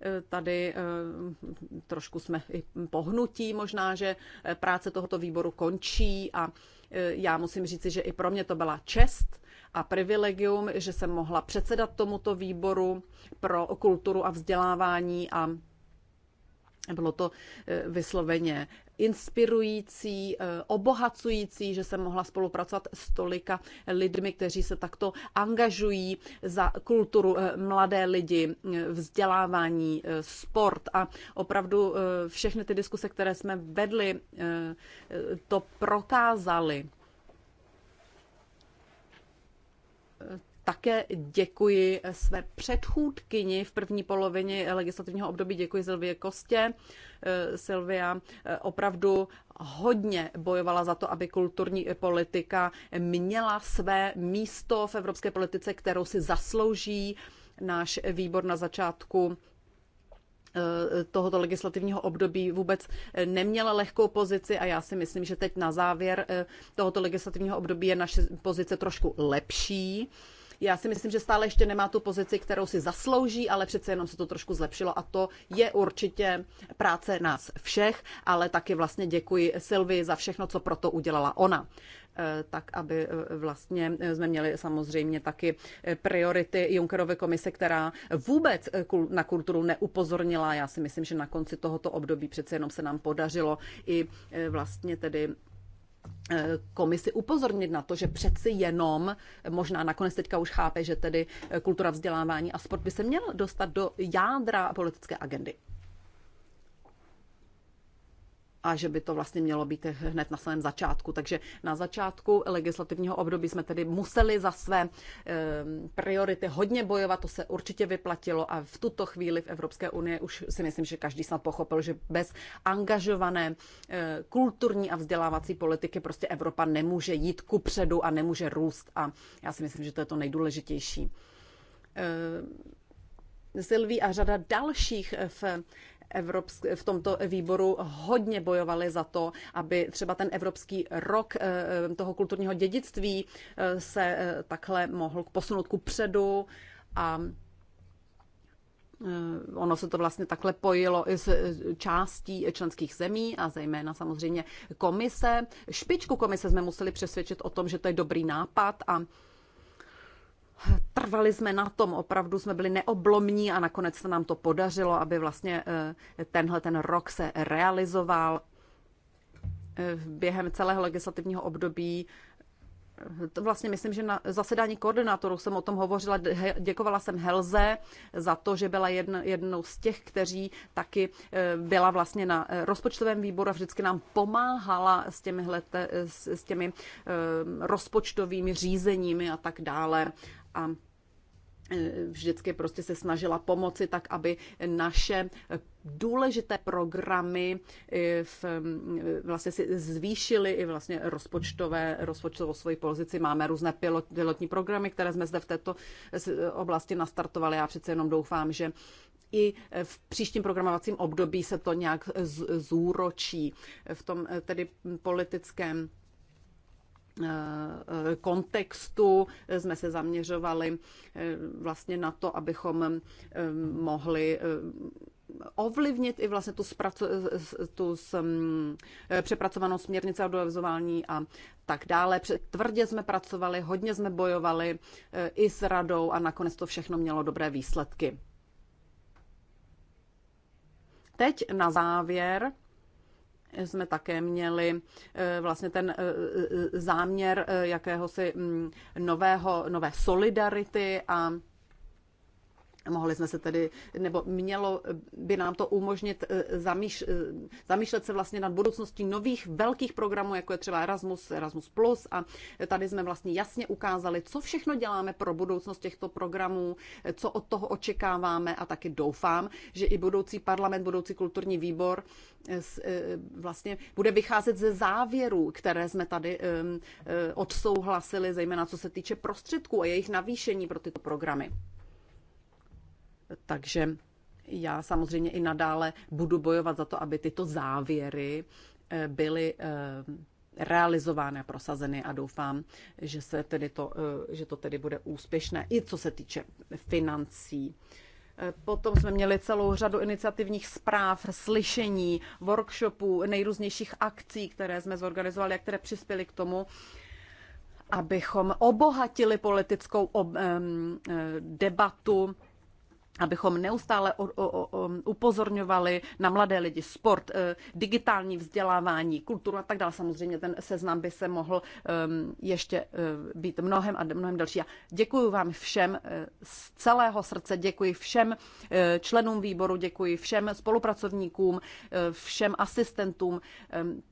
eh, tady eh, trošku jsme i pohnutí možná, že práce tohoto výboru končí a já musím říci, že i pro mě to byla čest a privilegium, že jsem mohla předsedat tomuto výboru pro kulturu a vzdělávání a bylo to vysloveně inspirující, eh, obohacující, že jsem mohla spolupracovat s tolika lidmi, kteří se takto angažují za kulturu eh, mladé lidi, eh, vzdělávání, sport a opravdu všechny ty diskuse, které jsme vedli, to prokázali také děkuji své předchůdkyni v první polovině legislativního období, děkuji Silvie Kostě. Eh, Silvia eh, opravdu hodně bojovala za to, aby kulturní politika měla své místo v evropské politice, kterou si zaslouží náš výbor na začátku eh, tohoto legislativního období vůbec neměla lehkou pozici a já si myslím, že teď na závěr tohoto legislativního období je naše pozice trošku lepší. Já si myslím, že stále ještě nemá tu pozici, kterou si zaslouží, ale přece jenom se to trošku zlepšilo a to je určitě práce nás všech, ale taky vlastně děkuji Silvi za všechno, co proto udělala ona e, tak aby e, vlastně e, jsme měli samozřejmě taky priority Junckerovy komise, která vůbec na kulturu neupozornila. Já si myslím, že na konci tohoto období přece jenom se nám podařilo i vlastně tedy Eh, komisi upozornit na to, že přeci jenom, možná nakonec teďka už chápe, že tedy eh, kultura vzdělávání a sport by se měl dostat do jádra politické agendy a že by to vlastně mělo být hned na samém začátku. Takže na začátku legislativního období jsme tedy museli za své eh, priority hodně bojovat, to se určitě vyplatilo a v tuto chvíli v Evropské unii už si myslím, že každý snad pochopil, že bez angažované eh, kulturní a vzdělávací politiky prostě Evropa nemůže jít ku předu a nemůže růst a já si myslím, že to je to nejdůležitější. Eh, Silví a řada dalších v Evropsk- v tomto výboru hodně bojovali za to, aby třeba ten Evropský rok eh, eh, toho kulturního dědictví eh, se takhle mohl posunout ku předu a Ono se to vlastně takhle pojilo i s částí členských zemí a zejména samozřejmě komise. Špičku komise jsme museli přesvědčit o tom, že to je dobrý nápad a trvali jsme na tom, opravdu jsme byli neoblomní a nakonec se nám to podařilo, aby vlastně eh, tenhle ten rok se realizoval. Eh, během celého legislativního období eh, to vlastně myslím, že na zasedání koordinátorů jsem o tom hovořila, děkovala jsem Helze za to, že byla jedna, jednou z těch, kteří taky byla vlastně na rozpočtovém výboru a vždycky nám pomáhala s těmi, hlete, s těmi rozpočtovými řízeními a tak dále a e, vždycky prostě se snažila pomoci tak, aby naše důležité programy e, v, e, vlastně si zvýšily i vlastně rozpočtové, rozpočtovou svoji pozici. Máme různé pilot, pilotní programy, které jsme zde v této oblasti nastartovali. Já přece jenom doufám, že i v příštím programovacím období se to nějak zúročí v tom tedy politickém Eh, kontextu jsme se zaměřovali eh, vlastně na to, abychom eh, mohli ovlivnit i vlastně tu, zpracu, tu s, mm, přepracovanou směrnici audiovizuální a tak dále. Tvrdě jsme pracovali, hodně jsme bojovali i s radou a nakonec to všechno mělo dobré výsledky. Teď na závěr jsme také měli eh, vlastně ten eh, eh, záměr jakéhosi mm, nového, nové solidarity a Mohli jsme se tedy, nebo mělo by nám to umožnit eh, zamýš, eh, zamýšlet se vlastně nad budoucností nových velkých programů, jako je třeba Erasmus, Erasmus+, Plus a tady jsme vlastně jasně ukázali, co všechno děláme pro budoucnost těchto programů, eh, co od toho očekáváme a taky doufám, že i budoucí parlament, budoucí kulturní výbor vlastně bude vycházet ze závěrů, které jsme tady ehm, odsouhlasili, zejména co se týče prostředků a jejich navýšení pro tyto programy. Takže já samozřejmě i nadále budu bojovat za to, aby tyto závěry eh, byly eh, realizovány a prosazeny a doufám, že, se tedy to, eh, že to tedy bude úspěšné, i co se týče financí. Potom jsme měli celou řadu iniciativních zpráv, slyšení, workshopů, nejrůznějších akcí, které jsme zorganizovali a které přispěly k tomu, abychom obohatili politickou debatu abychom neustále upozorňovali na mladé lidi, sport, eh, digitální vzdělávání, kulturu a tak dále. Samozřejmě ten seznam by se mohl ehm, ještě eh, být mnohem a mnohem delší. A děkuji vám všem eh, z celého srdce, děkuji všem členům výboru, děkuji všem spolupracovníkům, všem asistentům, ehm,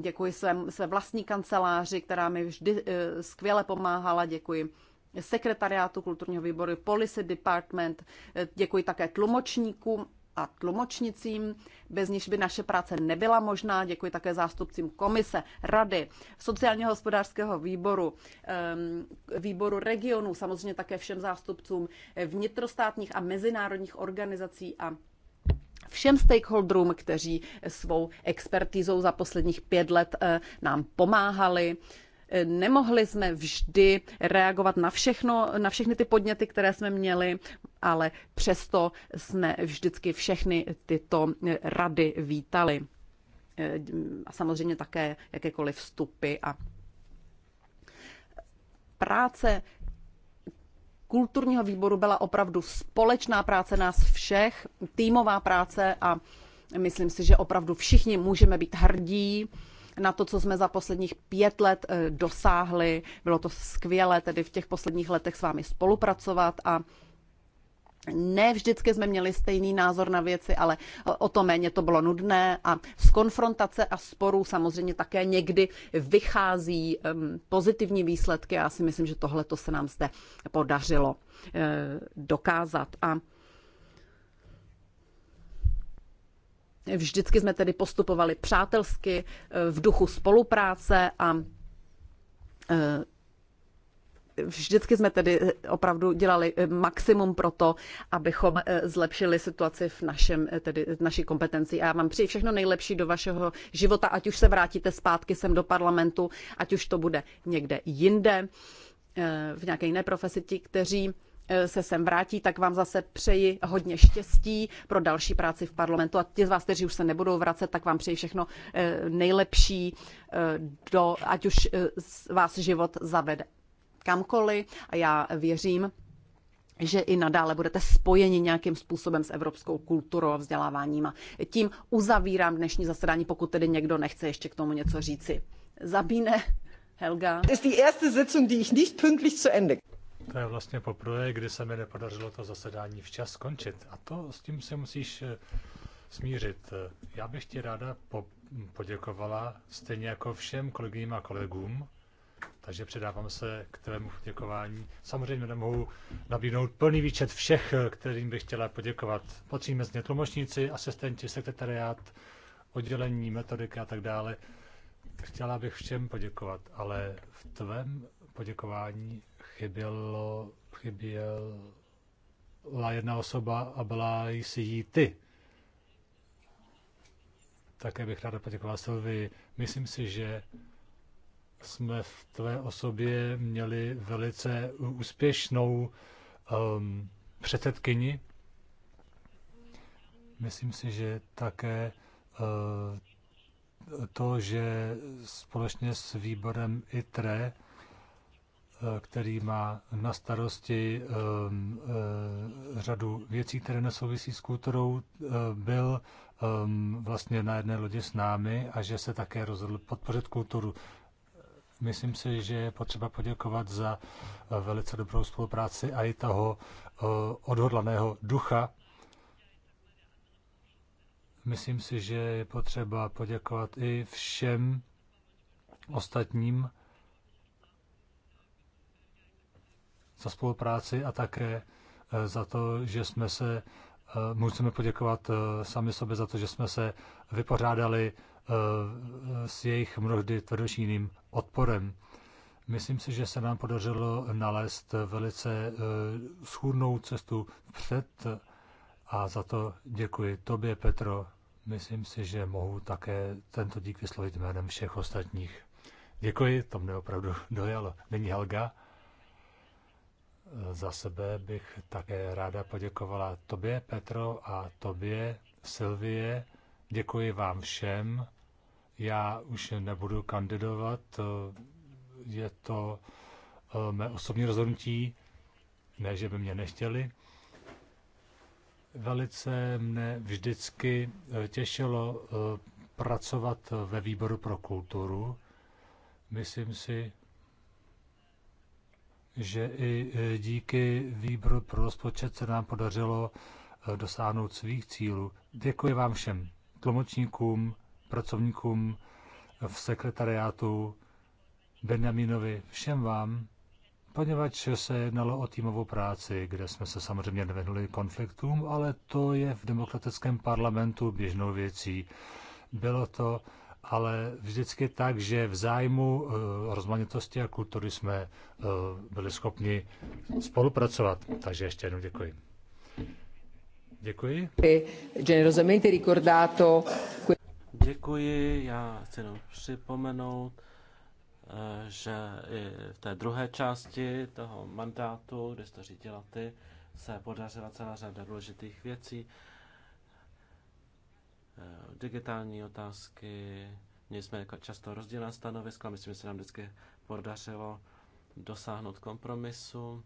děkuji své, své vlastní kanceláři, která mi vždy skvěle pomáhala, děkuji sekretariátu kulturního výboru, Policy Department. Děkuji také tlumočníkům a tlumočnicím, bez nich by naše práce nebyla možná. Děkuji také zástupcím komise, rady, sociálního hospodářského výboru, výboru regionu, samozřejmě také všem zástupcům vnitrostátních a mezinárodních organizací a všem stakeholderům, kteří svou expertízou za posledních pět let eh, nám pomáhali. Nemohli jsme vždy reagovat na všechno, na všechny ty podněty, které jsme měli, ale přesto jsme vždycky všechny tyto rady vítali. A samozřejmě také jakékoliv vstupy a práce kulturního výboru byla opravdu společná práce nás všech, týmová práce a myslím si, že opravdu všichni můžeme být hrdí na to, co jsme za posledních pět let eh, dosáhli. Bylo to skvělé tedy v těch posledních letech s vámi spolupracovat a ne vždycky jsme měli stejný názor na věci, ale eh, o to méně to bylo nudné a z konfrontace a sporů samozřejmě také někdy vychází ehm, pozitivní výsledky a já si myslím, že tohle to se nám zde podařilo eh, dokázat. A Vždycky jsme tedy postupovali přátelsky, eh, v duchu spolupráce a eh, vždycky jsme tedy eh, opravdu dělali maximum pro to, abychom zlepšili situaci v, našem, tedy v naší kompetenci. A já vám přeji všechno nejlepší do vašeho života, ať už se vrátíte zpátky sem do parlamentu, ať už to bude někde jinde, v nějaké jiné profesi, ti, kteří E, se sem vrátí, tak vám zase přeji hodně štěstí pro další práci v parlamentu a ti z vás, kteří už se nebudou vracet, tak vám přeji všechno e, nejlepší, e, do, ať už vás život zavede kamkoliv a já věřím, že i nadále budete spojeni nějakým způsobem s evropskou kulturou a vzděláváním. A tím uzavírám dnešní zasedání, pokud tedy někdo nechce ještě k tomu něco říci. Zabíne, Helga. To je první zasedání, které nicht pünktlich zu Ende. To je vlastně poprvé, kdy se mi nepodařilo to zasedání včas skončit. A to s tím se musíš eh, smířit. Já bych ti ráda po- poděkovala stejně jako všem kolegyním a kolegům, takže předávám se k tvému poděkování. Samozřejmě nemohu nabídnout plný výčet všech, eh, kterým bych chtěla poděkovat. Patří mezi tlumočníci, asistenti, sekretariát, oddělení, metodika a tak dále. Chtěla bych všem poděkovat, ale v tvém poděkování chybělo, chyběla jedna osoba a byla jsi jí ty. Také bych ráda poděkoval Silvi. Myslím si, že jsme v tvé osobě měli velice úspěšnou um, předsedkyni. Myslím si, že také uh, to, že společně s výborem ITRE který má na starosti ehm, eh, řadu věcí, které nesouvisí s kulturou, eh, byl ehm, vlastně na jedné lodi s námi a že se také rozhodl podpořit kulturu. Myslím si, že je potřeba poděkovat za eh, velice dobrou spolupráci a i toho odhodlaného ducha. Myslím si, že je potřeba poděkovat i všem ostatním, za spolupráci a také eh, za to, že jsme se, eh, musíme poděkovat eh, sami sobě za to, že jsme se vypořádali s jejich mnohdy tvrdošíným odporem. Myslím si, že se nám podařilo nalézt velice schůdnou cestu vpřed a za to děkuji tobě, Petro. Myslím si, že mohu také tento dík vyslovit jménem všech ostatních. Děkuji, to mě opravdu dojalo. Není Helga? Za sebe bych také ráda poděkovala tobě, Petro, a tobě, Silvie. Děkuji vám všem. Já už nebudu kandidovat. Je to eh, mé osobní rozhodnutí. Ne, že by mě nechtěli. Velice mne vždycky eh, těšilo eh, pracovat ve výboru pro kulturu. Myslím si, že i e, díky výboru pro rozpočet se nám podařilo e, dosáhnout svých cílů. Děkuji vám všem, tlumočníkům, pracovníkům v sekretariátu, Benjaminovi, všem vám, poněvadž se jednalo o týmovou práci, kde jsme se samozřejmě nevenuli konfliktům, ale to je v demokratickém parlamentu běžnou věcí. Bylo to ale vždycky tak, že v zájmu eh, rozmanitosti a kultury jsme eh, byli schopni spolupracovat. Takže ještě jednou děkuji. Děkuji. Generosamente ricordato. Děkuji, já chci jenom připomenout, eh, že i v té druhé části toho mandátu, kde jste to řídila ty, se podařila celá řada důležitých věcí. Eh, digitální otázky. Měli jsme často rozdílná stanoviska, myslím, že se nám vždycky podařilo dosáhnout kompromisu.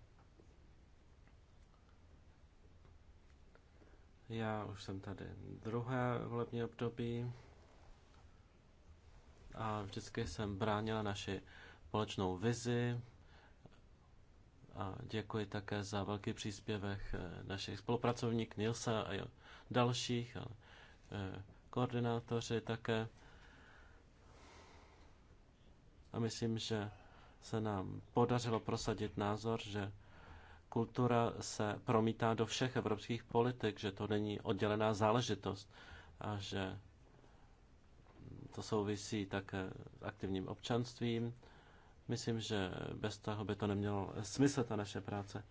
Já už jsem tady druhé volební období a vždycky jsem bránila naši společnou vizi a děkuji také za velký příspěvek eh, našich spolupracovník Nilsa a dalších. Ale Eh, koordinátoři také. A myslím, že se nám podařilo prosadit názor, že kultura se promítá do všech evropských politik, že to není oddělená záležitost a že to souvisí také s aktivním občanstvím. Myslím, že bez toho by to nemělo smysl, ta naše práce.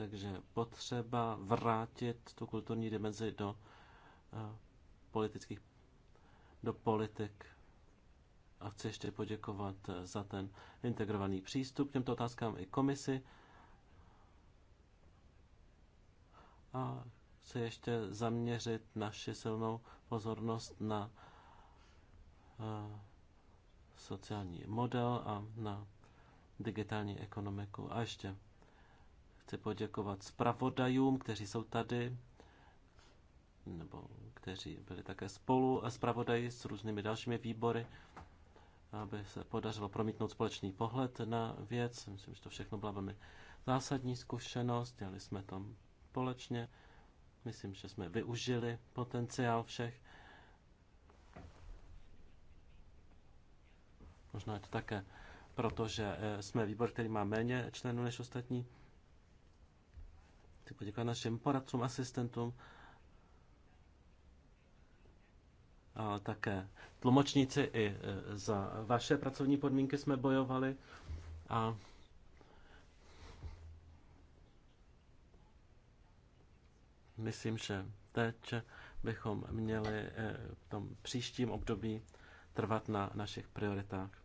Takže potřeba vrátit tu kulturní dimenzi do eh, politických, do politik. A chci ještě poděkovat eh, za ten integrovaný přístup k těmto otázkám i komisi. A chci ještě zaměřit naši silnou pozornost na eh, sociální model a na digitální ekonomiku. A ještě Chci poděkovat zpravodajům, kteří jsou tady, nebo kteří byli také spolu zpravodaji s různými dalšími výbory, aby se podařilo promítnout společný pohled na věc. Myslím, že to všechno byla velmi zásadní zkušenost, dělali jsme tam společně. Myslím, že jsme využili potenciál všech. Možná je to také proto, že eh, jsme výbor, který má méně členů než ostatní chci poděkovat našim poradcům, asistentům a také tlumočníci i e, za vaše pracovní podmínky jsme bojovali a myslím, že teď bychom měli e, v tom příštím období trvat na našich prioritách.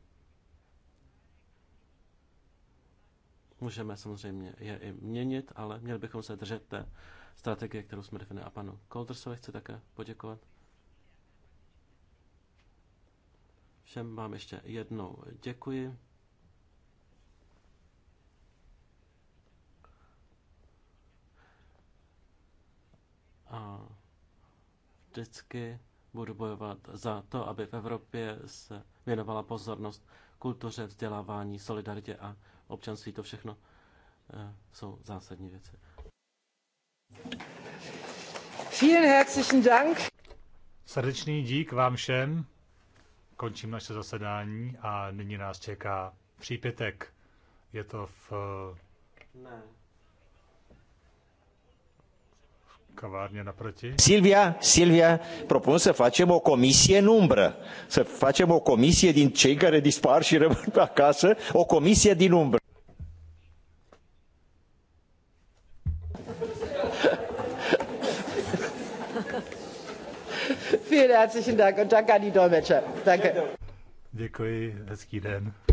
Můžeme samozřejmě je i měnit, ale měli bychom se držet té strategie, kterou jsme definovali. A panu Koldersovi chci také poděkovat. Všem vám ještě jednou děkuji. A vždycky budu bojovat za to, aby v Evropě se věnovala pozornost kultuře, vzdělávání, solidaritě a občanství, to všechno eh, jsou zásadní věci. Vielen herzlichen Dank. Srdečný dík vám všem. Končím naše zasedání a nyní nás čeká přípětek. Je to v... Eh, ne. cavárnia naproti. Silvia, Silvia, propun să facem o comisie în umbră. Să facem o comisie din cei care dispar și rămân pe acasă, o comisie din umbră. Vielen herzlichen Dank und danke an die Dolmetscher. Danke. Děkuji, hezký den.